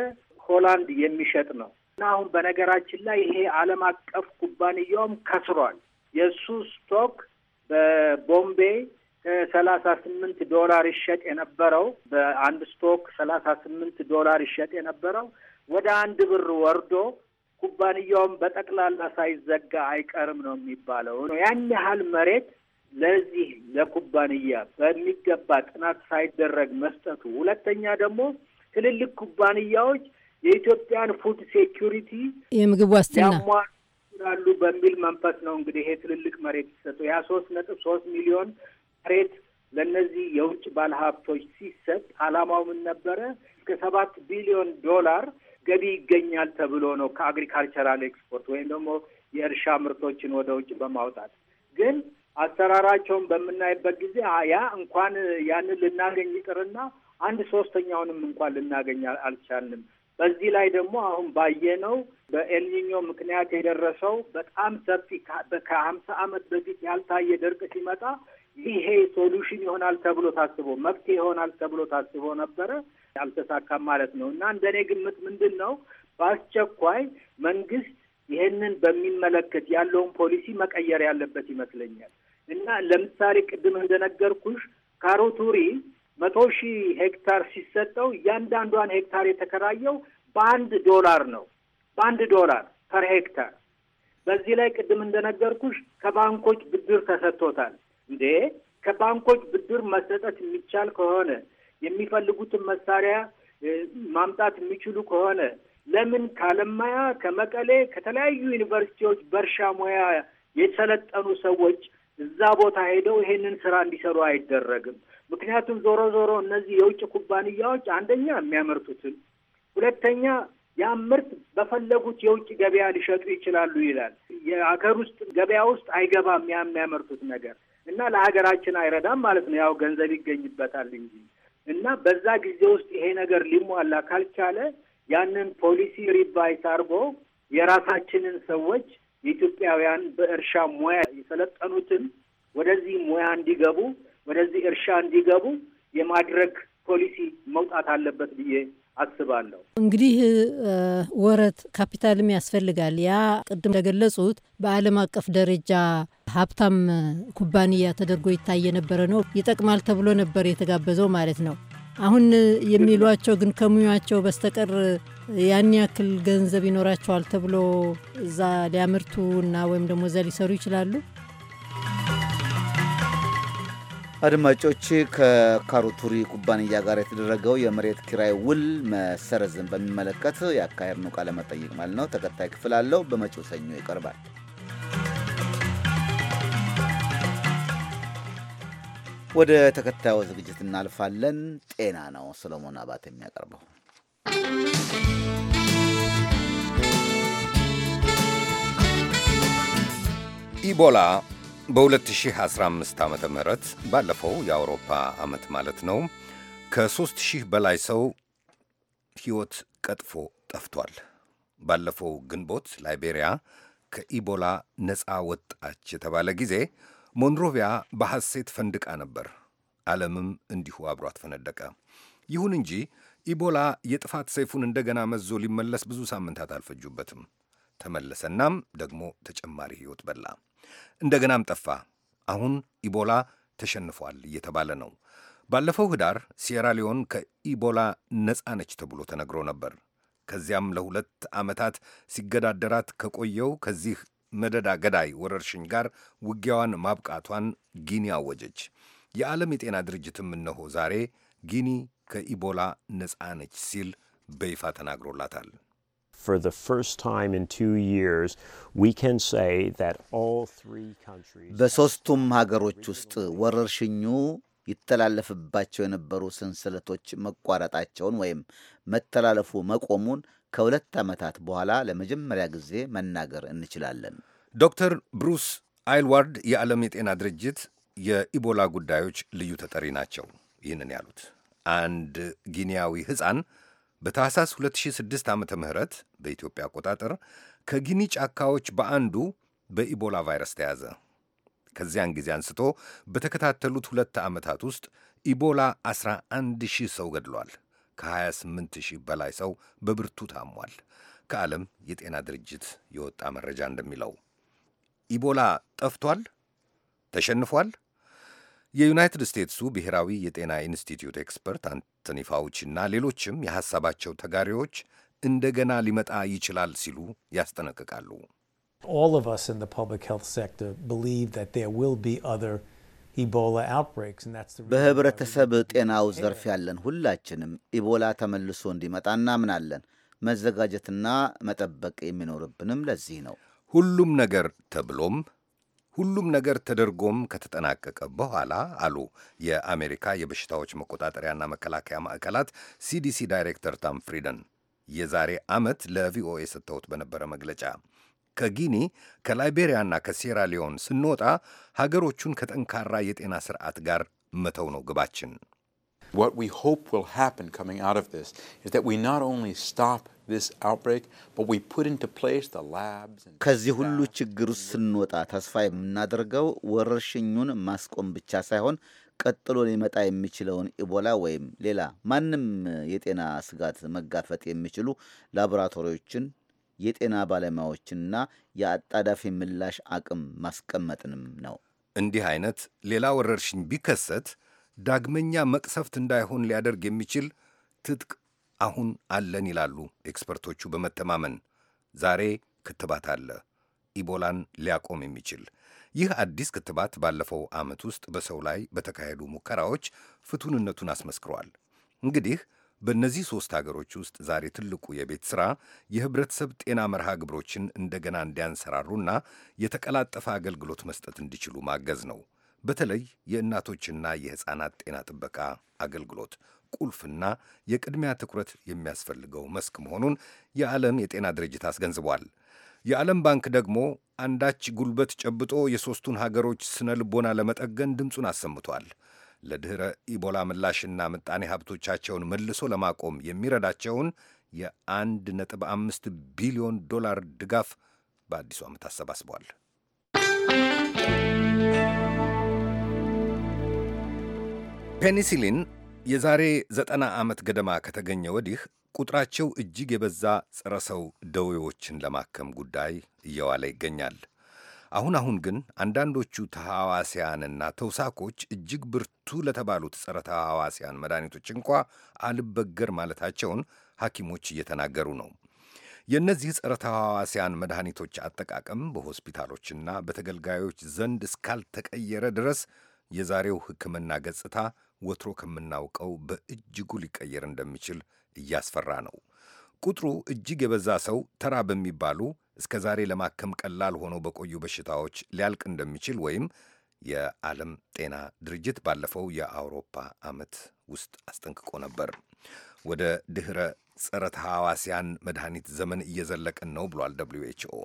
ሆላንድ የሚሸጥ ነው እና አሁን በነገራችን ላይ ይሄ ዓለም አቀፍ ኩባንያውም ከስሯል። የእሱ ስቶክ በቦምቤ ሰላሳ ስምንት ዶላር ይሸጥ የነበረው በአንድ ስቶክ ሰላሳ ስምንት ዶላር ይሸጥ የነበረው ወደ አንድ ብር ወርዶ ኩባንያውም በጠቅላላ ሳይዘጋ አይቀርም ነው የሚባለው። ያን ያህል መሬት ለዚህ ለኩባንያ በሚገባ ጥናት ሳይደረግ መስጠቱ፣ ሁለተኛ ደግሞ ትልልቅ ኩባንያዎች የኢትዮጵያን ፉድ ሴኪሪቲ የምግብ ዋስትና ያሟላሉ በሚል መንፈስ ነው እንግዲህ ይሄ ትልልቅ መሬት ይሰጡ ያ ሶስት ነጥብ ሶስት ሚሊዮን መሬት ለእነዚህ የውጭ ባለሀብቶች ሲሰጥ አላማው ምን ነበረ? እስከ ሰባት ቢሊዮን ዶላር ገቢ ይገኛል ተብሎ ነው ከአግሪካልቸራል ኤክስፖርት ወይም ደግሞ የእርሻ ምርቶችን ወደ ውጭ በማውጣት ግን አሰራራቸውን በምናይበት ጊዜ ያ እንኳን ያንን ልናገኝ ይቅርና አንድ ሶስተኛውንም እንኳን ልናገኝ አልቻልንም። በዚህ ላይ ደግሞ አሁን ባየነው በኤልኒኞ ምክንያት የደረሰው በጣም ሰፊ ከሀምሳ ዓመት በፊት ያልታየ ድርቅ ሲመጣ ይሄ ሶሉሽን ይሆናል ተብሎ ታስቦ መፍትሄ ይሆናል ተብሎ ታስቦ ነበረ፣ አልተሳካም ማለት ነው እና እንደ እኔ ግምት ምንድን ነው በአስቸኳይ መንግስት ይህንን በሚመለከት ያለውን ፖሊሲ መቀየር ያለበት ይመስለኛል እና ለምሳሌ ቅድም እንደነገርኩሽ ካሮቱሪ መቶ ሺህ ሄክታር ሲሰጠው እያንዳንዷን ሄክታር የተከራየው በአንድ ዶላር ነው። በአንድ ዶላር ፐር ሄክታር። በዚህ ላይ ቅድም እንደነገርኩሽ ከባንኮች ብድር ተሰጥቶታል። እንዴ ከባንኮች ብድር መሰጠት የሚቻል ከሆነ የሚፈልጉትን መሳሪያ ማምጣት የሚችሉ ከሆነ ለምን ካለማያ ከመቀሌ ከተለያዩ ዩኒቨርሲቲዎች በእርሻ ሙያ የሰለጠኑ ሰዎች እዛ ቦታ ሄደው ይሄንን ስራ እንዲሰሩ አይደረግም? ምክንያቱም ዞሮ ዞሮ እነዚህ የውጭ ኩባንያዎች አንደኛ የሚያመርቱትን፣ ሁለተኛ ያ ምርት በፈለጉት የውጭ ገበያ ሊሸጡ ይችላሉ ይላል። የአገር ውስጥ ገበያ ውስጥ አይገባም ያ የሚያመርቱት ነገር። እና ለሀገራችን አይረዳም ማለት ነው። ያው ገንዘብ ይገኝበታል እንጂ እና በዛ ጊዜ ውስጥ ይሄ ነገር ሊሟላ ካልቻለ ያንን ፖሊሲ ሪቫይስ አድርጎ የራሳችንን ሰዎች የኢትዮጵያውያን በእርሻ ሙያ የሰለጠኑትን ወደዚህ ሙያ እንዲገቡ ወደዚህ እርሻ እንዲገቡ የማድረግ ፖሊሲ መውጣት አለበት ብዬ አስባለሁ። እንግዲህ ወረት ካፒታልም ያስፈልጋል። ያ ቅድም እንደገለጹት በዓለም አቀፍ ደረጃ ሀብታም ኩባንያ ተደርጎ ይታይ የነበረ ነው። ይጠቅማል ተብሎ ነበር የተጋበዘው ማለት ነው። አሁን የሚሏቸው ግን ከሙያቸው በስተቀር ያን ያክል ገንዘብ ይኖራቸዋል ተብሎ እዛ ሊያመርቱ እና ወይም ደግሞ እዛ ሊሰሩ ይችላሉ። አድማጮች ከካሩቱሪ ኩባንያ ጋር የተደረገው የመሬት ኪራይ ውል መሰረዝን በሚመለከት ያካሄድነው ቃለመጠይቅ ማለት ነው ተከታይ ክፍል አለው። በመጪው ሰኞ ይቀርባል። ወደ ተከታዩ ዝግጅት እናልፋለን። ጤና ነው ሰሎሞን አባት የሚያቀርበው። ኢቦላ በ2015 ዓ ም ባለፈው የአውሮፓ ዓመት ማለት ነው ከ ሺህ በላይ ሰው ሕይወት ቀጥፎ ጠፍቷል። ባለፈው ግንቦት ላይቤሪያ ከኢቦላ ነፃ ወጣች የተባለ ጊዜ ሞንሮቪያ በሐሴት ፈንድቃ ነበር። ዓለምም እንዲሁ አብሯት ፈነደቀ። ይሁን እንጂ ኢቦላ የጥፋት ሰይፉን እንደገና መዞ ሊመለስ ብዙ ሳምንታት አልፈጁበትም። ተመለሰናም ደግሞ ተጨማሪ ሕይወት በላ፣ እንደገናም ጠፋ። አሁን ኢቦላ ተሸንፏል እየተባለ ነው። ባለፈው ህዳር ሲየራ ሊዮን ከኢቦላ ነፃ ነች ተብሎ ተነግሮ ነበር። ከዚያም ለሁለት ዓመታት ሲገዳደራት ከቆየው ከዚህ መደዳ ገዳይ ወረርሽኝ ጋር ውጊያዋን ማብቃቷን ጊኒ አወጀች። የዓለም የጤና ድርጅትም እነሆ ዛሬ ጊኒ ከኢቦላ ነፃ ነች ሲል በይፋ ተናግሮላታል። በሦስቱም ሀገሮች ውስጥ ወረርሽኙ ይተላለፍባቸው የነበሩ ሰንሰለቶች መቋረጣቸውን ወይም መተላለፉ መቆሙን ከሁለት ዓመታት በኋላ ለመጀመሪያ ጊዜ መናገር እንችላለን። ዶክተር ብሩስ አይልዋርድ የዓለም የጤና ድርጅት የኢቦላ ጉዳዮች ልዩ ተጠሪ ናቸው። ይህንን ያሉት አንድ ጊኒያዊ ሕፃን በታህሳስ 2006 ዓመተ ምህረት በኢትዮጵያ አቆጣጠር ከጊኒ ጫካዎች በአንዱ በኢቦላ ቫይረስ ተያዘ። ከዚያን ጊዜ አንስቶ በተከታተሉት ሁለት ዓመታት ውስጥ ኢቦላ 11 ሺህ ሰው ገድሏል። ከ28 ሺህ በላይ ሰው በብርቱ ታሟል። ከዓለም የጤና ድርጅት የወጣ መረጃ እንደሚለው ኢቦላ ጠፍቷል? ተሸንፏል? የዩናይትድ ስቴትሱ ብሔራዊ የጤና ኢንስቲትዩት ኤክስፐርት አንቶኒ እና ሌሎችም የሐሳባቸው ተጋሪዎች እንደገና ሊመጣ ይችላል ሲሉ ያስጠነቅቃሉ። All of us in the public health sector believe that there will be other በህብረተሰብ ጤናው ዘርፍ ያለን ሁላችንም ኢቦላ ተመልሶ እንዲመጣ እናምናለን። መዘጋጀትና መጠበቅ የሚኖርብንም ለዚህ ነው። ሁሉም ነገር ተብሎም ሁሉም ነገር ተደርጎም ከተጠናቀቀ በኋላ አሉ የአሜሪካ የበሽታዎች መቆጣጠሪያና መከላከያ ማዕከላት ሲዲሲ ዳይሬክተር ቶም ፍሪደን የዛሬ ዓመት ለቪኦኤ ሰጥተውት በነበረ መግለጫ ከጊኒ ከላይቤሪያና ከሴራሊዮን ስንወጣ ሀገሮቹን ከጠንካራ የጤና ስርዓት ጋር መተው ነው ግባችን። What we hope will happen coming out of this is that we not only stop this outbreak, but we put into place the labs. ከዚህ ሁሉ ችግር ውስጥ ስንወጣ ተስፋ የምናደርገው ወረርሽኙን ማስቆም ብቻ ሳይሆን ቀጥሎ ሊመጣ የሚችለውን ኢቦላ ወይም ሌላ ማንም የጤና ስጋት መጋፈጥ የሚችሉ ላቦራቶሪዎችን የጤና ባለሙያዎችንና የአጣዳፊ ምላሽ አቅም ማስቀመጥንም ነው። እንዲህ አይነት ሌላ ወረርሽኝ ቢከሰት ዳግመኛ መቅሰፍት እንዳይሆን ሊያደርግ የሚችል ትጥቅ አሁን አለን ይላሉ ኤክስፐርቶቹ በመተማመን ዛሬ ክትባት አለ ኢቦላን ሊያቆም የሚችል ይህ አዲስ ክትባት ባለፈው ዓመት ውስጥ በሰው ላይ በተካሄዱ ሙከራዎች ፍቱንነቱን አስመስክሯል እንግዲህ በእነዚህ ሦስት አገሮች ውስጥ ዛሬ ትልቁ የቤት ሥራ የህብረተሰብ ጤና መርሃ ግብሮችን እንደገና እንዲያንሰራሩና የተቀላጠፈ አገልግሎት መስጠት እንዲችሉ ማገዝ ነው። በተለይ የእናቶችና የሕፃናት ጤና ጥበቃ አገልግሎት ቁልፍና የቅድሚያ ትኩረት የሚያስፈልገው መስክ መሆኑን የዓለም የጤና ድርጅት አስገንዝቧል። የዓለም ባንክ ደግሞ አንዳች ጉልበት ጨብጦ የሦስቱን ሀገሮች ስነ ልቦና ለመጠገን ድምፁን አሰምቷል። ለድኅረ ኢቦላ ምላሽና ምጣኔ ሀብቶቻቸውን መልሶ ለማቆም የሚረዳቸውን የአንድ ነጥብ ቢሊዮን ዶላር ድጋፍ በአዲሱ ዓመት አሰባስቧል። ፔኒሲሊን የዛሬ ዘጠና ዓመት ገደማ ከተገኘ ወዲህ ቁጥራቸው እጅግ የበዛ ጸረ ሰው ደዌዎችን ለማከም ጉዳይ እየዋለ ይገኛል። አሁን አሁን ግን አንዳንዶቹ ተሐዋስያንና ተውሳኮች እጅግ ብርቱ ለተባሉት ጸረ ተሐዋስያን መድኃኒቶች እንኳ አልበገር ማለታቸውን ሐኪሞች እየተናገሩ ነው። የእነዚህ ጸረ ተሐዋስያን መድኃኒቶች አጠቃቀም በሆስፒታሎችና በተገልጋዮች ዘንድ እስካልተቀየረ ድረስ የዛሬው ሕክምና ገጽታ ወትሮ ከምናውቀው በእጅጉ ሊቀየር እንደሚችል እያስፈራ ነው። ቁጥሩ እጅግ የበዛ ሰው ተራ በሚባሉ እስከ ዛሬ ለማከም ቀላል ሆነው በቆዩ በሽታዎች ሊያልቅ እንደሚችል ወይም የዓለም ጤና ድርጅት ባለፈው የአውሮፓ ዓመት ውስጥ አስጠንቅቆ ነበር። ወደ ድኅረ ጸረ ተሐዋስያን መድኃኒት ዘመን እየዘለቅን ነው ብሏል ደብልዩ ኤችኦ።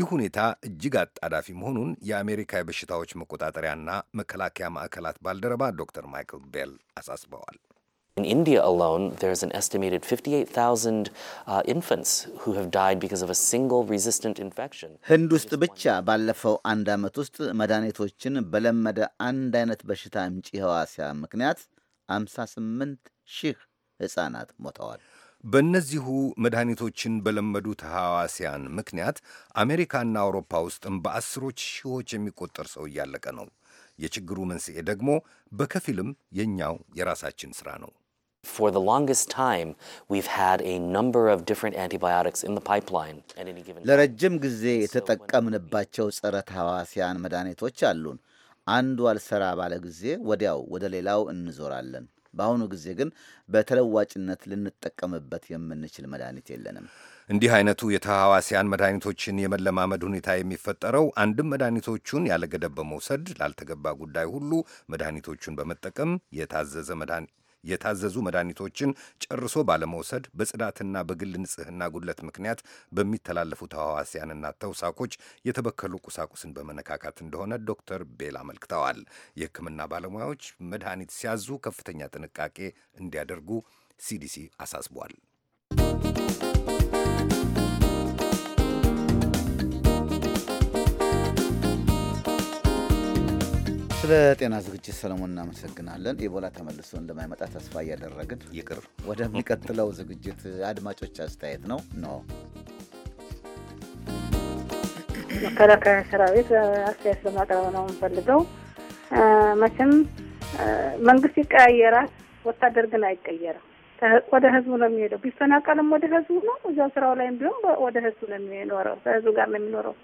ይህ ሁኔታ እጅግ አጣዳፊ መሆኑን የአሜሪካ የበሽታዎች መቆጣጠሪያና መከላከያ ማዕከላት ባልደረባ ዶክተር ማይክል ቤል አሳስበዋል። In India alone, there's an estimated 58,000 uh, infants who have died because of a single resistant infection. ህንድ ውስጥ ብቻ ባለፈው አንድ ዓመት ውስጥ መድኃኒቶችን በለመደ አንድ አይነት በሽታ አምጪ ሕዋሲያ ምክንያት 58 ሺህ ሕፃናት ሞተዋል። በእነዚሁ መድኃኒቶችን በለመዱት ሕዋሲያን ምክንያት አሜሪካና አውሮፓ ውስጥም በአስሮች ሺዎች የሚቆጠር ሰው እያለቀ ነው። የችግሩ መንስኤ ደግሞ በከፊልም የእኛው የራሳችን ሥራ ነው። For the longest time, we've had a number of different antibiotics in the pipeline. ለረጅም ጊዜ የተጠቀምንባቸው ጸረ ተህዋሲያን መድኃኒቶች አሉን። አንዱ አልሰራ ባለ ጊዜ ወዲያው ወደ ሌላው እንዞራለን። በአሁኑ ጊዜ ግን በተለዋጭነት ልንጠቀምበት የምንችል መድኃኒት የለንም። እንዲህ አይነቱ የተሐዋሲያን መድኃኒቶችን የመለማመድ ሁኔታ የሚፈጠረው አንድም መድኃኒቶቹን ያለገደብ በመውሰድ ላልተገባ ጉዳይ ሁሉ መድኃኒቶቹን በመጠቀም የታዘዘ የታዘዙ መድኃኒቶችን ጨርሶ ባለመውሰድ በጽዳትና በግል ንጽህና ጉድለት ምክንያት በሚተላለፉ ተህዋስያንና ተውሳኮች የተበከሉ ቁሳቁስን በመነካካት እንደሆነ ዶክተር ቤል አመልክተዋል። የህክምና ባለሙያዎች መድኃኒት ሲያዙ ከፍተኛ ጥንቃቄ እንዲያደርጉ ሲዲሲ አሳስቧል። ስለ ጤና ዝግጅት ሰለሞን እናመሰግናለን። ኢቦላ ተመልሶ እንደማይመጣ ተስፋ እያደረግን ይቅር። ወደሚቀጥለው ዝግጅት አድማጮች አስተያየት ነው ኖ መከላከያ ሰራዊት አስተያየት ለማቅረብ ነው የምንፈልገው። መቼም መንግስት ይቀያየራል፣ ወታደር ግን አይቀየርም። ወደ ህዝቡ ነው የሚሄደው። ቢፈናቀልም ወደ ህዝቡ ነው፣ እዛ ስራው ላይም ቢሆን ወደ ህዝቡ ነው የሚኖረው፣ ከህዝቡ ጋር ነው የሚኖረው።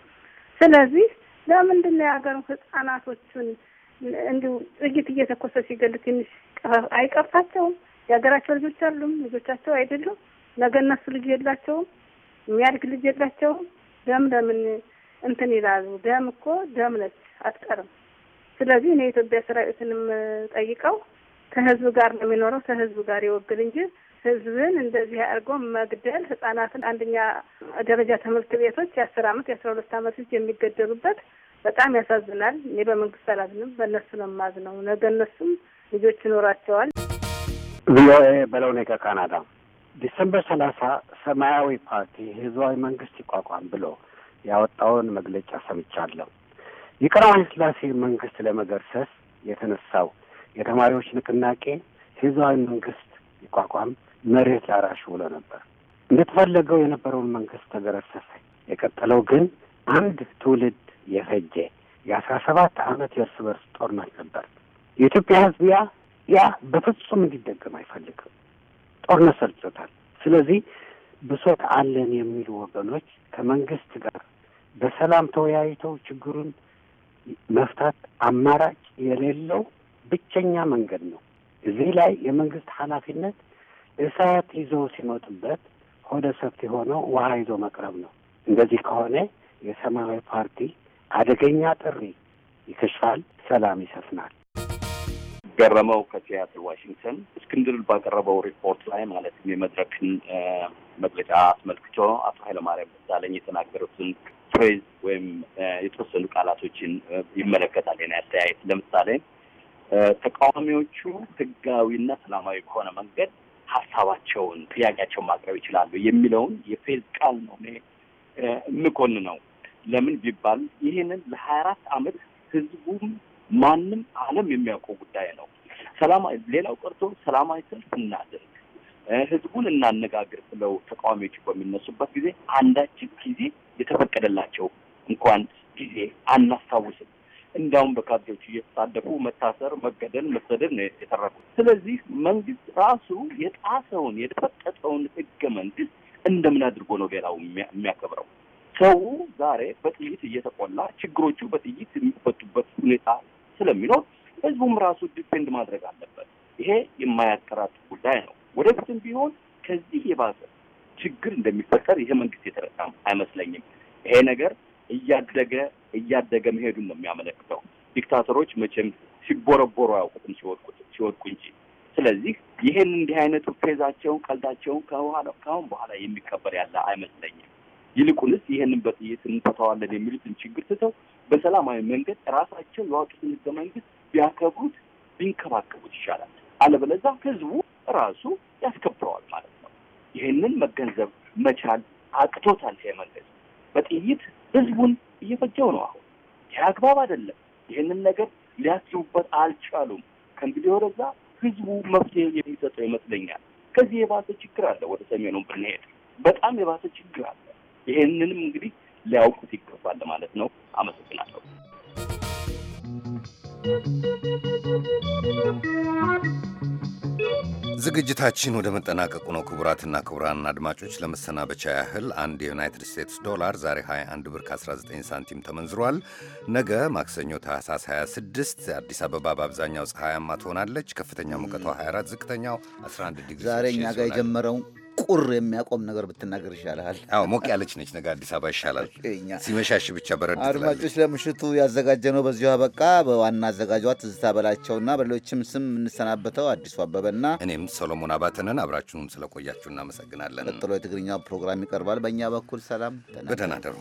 ስለዚህ ለምንድን ነው የሀገር ህጻናቶቹን እንዲሁ ጥይት እየተኮሰ ሲገሉ ትንሽ የሀገራቸው ልጆች አሉም ልጆቻቸው አይደሉም። ነገ እነሱ ልጅ የላቸውም፣ የሚያድግ ልጅ የላቸውም። ደም ለምን እንትን ይላሉ? ደም እኮ ደም ነች፣ አትቀርም። ስለዚህ እኔ የኢትዮጵያ ሰራዊትንም ጠይቀው ከህዝብ ጋር ነው የሚኖረው ከህዝብ ጋር ይወግል እንጂ ህዝብን እንደዚህ አድርጎ መግደል ህጻናትን አንደኛ ደረጃ ትምህርት ቤቶች የአስር አመት የአስራ ሁለት አመት ልጅ የሚገደሉበት በጣም ያሳዝናል። እኔ በመንግስት አላዝንም፣ በእነሱ ነው የማዝነው። ነገ እነሱም ልጆች ይኖራቸዋል። ቪኦኤ በለውኔ ከካናዳ ዲሰምበር ሰላሳ ሰማያዊ ፓርቲ ህዝባዊ መንግስት ይቋቋም ብሎ ያወጣውን መግለጫ ሰምቻለሁ። የቀዳማዊ ስላሴ መንግስት ለመገርሰስ የተነሳው የተማሪዎች ንቅናቄ ህዝባዊ መንግስት ይቋቋም መሬት ላራሽ ብሎ ነበር። እንደተፈለገው የነበረውን መንግስት ተገረሰሰ። የቀጠለው ግን አንድ ትውልድ የፈጀ የአስራ ሰባት አመት የእርስ በርስ ጦርነት ነበር። የኢትዮጵያ ህዝብ ያ ያ በፍጹም እንዲደገም አይፈልግም። ጦርነት ሰልጾታል። ስለዚህ ብሶት አለን የሚሉ ወገኖች ከመንግስት ጋር በሰላም ተወያይተው ችግሩን መፍታት አማራጭ የሌለው ብቸኛ መንገድ ነው። እዚህ ላይ የመንግስት ኃላፊነት እሳት ይዞ ሲመጡበት ሆደ ሰፊ ሆነው ውሃ ይዞ መቅረብ ነው። እንደዚህ ከሆነ የሰማያዊ ፓርቲ አደገኛ ጥሪ ይከሻል፣ ሰላም ይሰፍናል። ገረመው ከሲያትል ዋሽንግተን። እስክንድር ባቀረበው ሪፖርት ላይ ማለትም የመድረክን መግለጫ አስመልክቶ አቶ ኃይለማርያም ደሳለኝ የተናገሩትን ፍሬዝ ወይም የተወሰኑ ቃላቶችን ይመለከታል። የኔ አስተያየት ለምሳሌ ተቃዋሚዎቹ ህጋዊና ሰላማዊ በሆነ መንገድ ሀሳባቸውን፣ ጥያቄያቸውን ማቅረብ ይችላሉ የሚለውን የፌዝ ቃል ነው እኔ የምኮን ነው ለምን ቢባል ይህንን ለሀያ አራት አመት ህዝቡም ማንም አለም የሚያውቀው ጉዳይ ነው። ሰላማዊ ሌላው ቀርቶ ሰላማዊ ሰልፍ እናድርግ፣ ህዝቡን እናነጋግር ብለው ተቃዋሚዎች በሚነሱበት ጊዜ አንዳችን ጊዜ የተፈቀደላቸው እንኳን ጊዜ አናስታውስም። እንዲያውም በካድሬዎች እየተሳደፉ መታሰር፣ መገደል፣ መሰደድ ነው የተረፉት። ስለዚህ መንግስት ራሱ የጣሰውን የተፈቀጠውን ህገ መንግስት እንደምን አድርጎ ነው ሌላው የሚያከብረው? ሰው ዛሬ በጥይት እየተቆላ ችግሮቹ በጥይት የሚፈቱበት ሁኔታ ስለሚኖር ህዝቡም ራሱ ዲፔንድ ማድረግ አለበት። ይሄ የማያከራክር ጉዳይ ነው። ወደፊትም ቢሆን ከዚህ የባሰ ችግር እንደሚፈጠር ይሄ መንግስት የተረዳም አይመስለኝም። ይሄ ነገር እያደገ እያደገ መሄዱን ነው የሚያመለክተው። ዲክታተሮች መቼም ሲቦረቦሩ አያውቁትም ሲወድቁት ሲወድቁ እንጂ። ስለዚህ ይሄን እንዲህ አይነቱ ፌዛቸውን ቀልዳቸውን ከኋላ በኋላ የሚከበር ያለ አይመስለኝም። ይልቁንስ ይህንን በጥይት እንፈታዋለን የሚሉትን ችግር ትተው በሰላማዊ መንገድ ራሳቸው ያወጡትን ህገ መንግስት ቢያከብሩት ቢንከባከቡት ይሻላል። አለበለዛ ህዝቡ ራሱ ያስከብረዋል ማለት ነው። ይህንን መገንዘብ መቻል አቅቶታል። ይሄ በጥይት ህዝቡን እየፈጀው ነው። አሁን ይህ አግባብ አይደለም። ይህንን ነገር ሊያስቡበት አልቻሉም። ከእንግዲህ ወደዛ ህዝቡ መፍትሄ የሚሰጠው ይመስለኛል። ከዚህ የባሰ ችግር አለ። ወደ ሰሜኑ ብንሄድ በጣም የባሰ ችግር አለ። ይሄንንም እንግዲህ ሊያውቁት ይገባል ማለት ነው። አመሰግናለሁ። ዝግጅታችን ወደ መጠናቀቁ ነው። ክቡራትና ክቡራን አድማጮች ለመሰናበቻ ያህል አንድ የዩናይትድ ስቴትስ ዶላር ዛሬ 21 ብር ከ19 ሳንቲም ተመንዝሯል። ነገ ማክሰኞ ታህሳስ 26 አዲስ አበባ በአብዛኛው ፀሐያማ ትሆናለች። ከፍተኛ ሙቀቷ 24፣ ዝቅተኛው 11 ዲግሪ ዛሬ እኛ ጋር የጀመረው ቁር የሚያቆም ነገር ብትናገር ይሻልሃል። አዎ ሞቅ ያለች ነች። ነገ አዲስ አበባ ይሻላል። ሲመሻሽ ብቻ በረድ። አድማጮች፣ ለምሽቱ ያዘጋጀነው በዚሁ አበቃ። በዋና አዘጋጇ ትዝታ በላቸውና በሌሎችም ስም የምንሰናበተው አዲሱ አበበና እኔም ሶሎሞን አባተንን አብራችሁን ስለቆያችሁ እናመሰግናለን። ቀጥሎ የትግርኛ ፕሮግራም ይቀርባል። በእኛ በኩል ሰላም፣ በደህና ደሩ።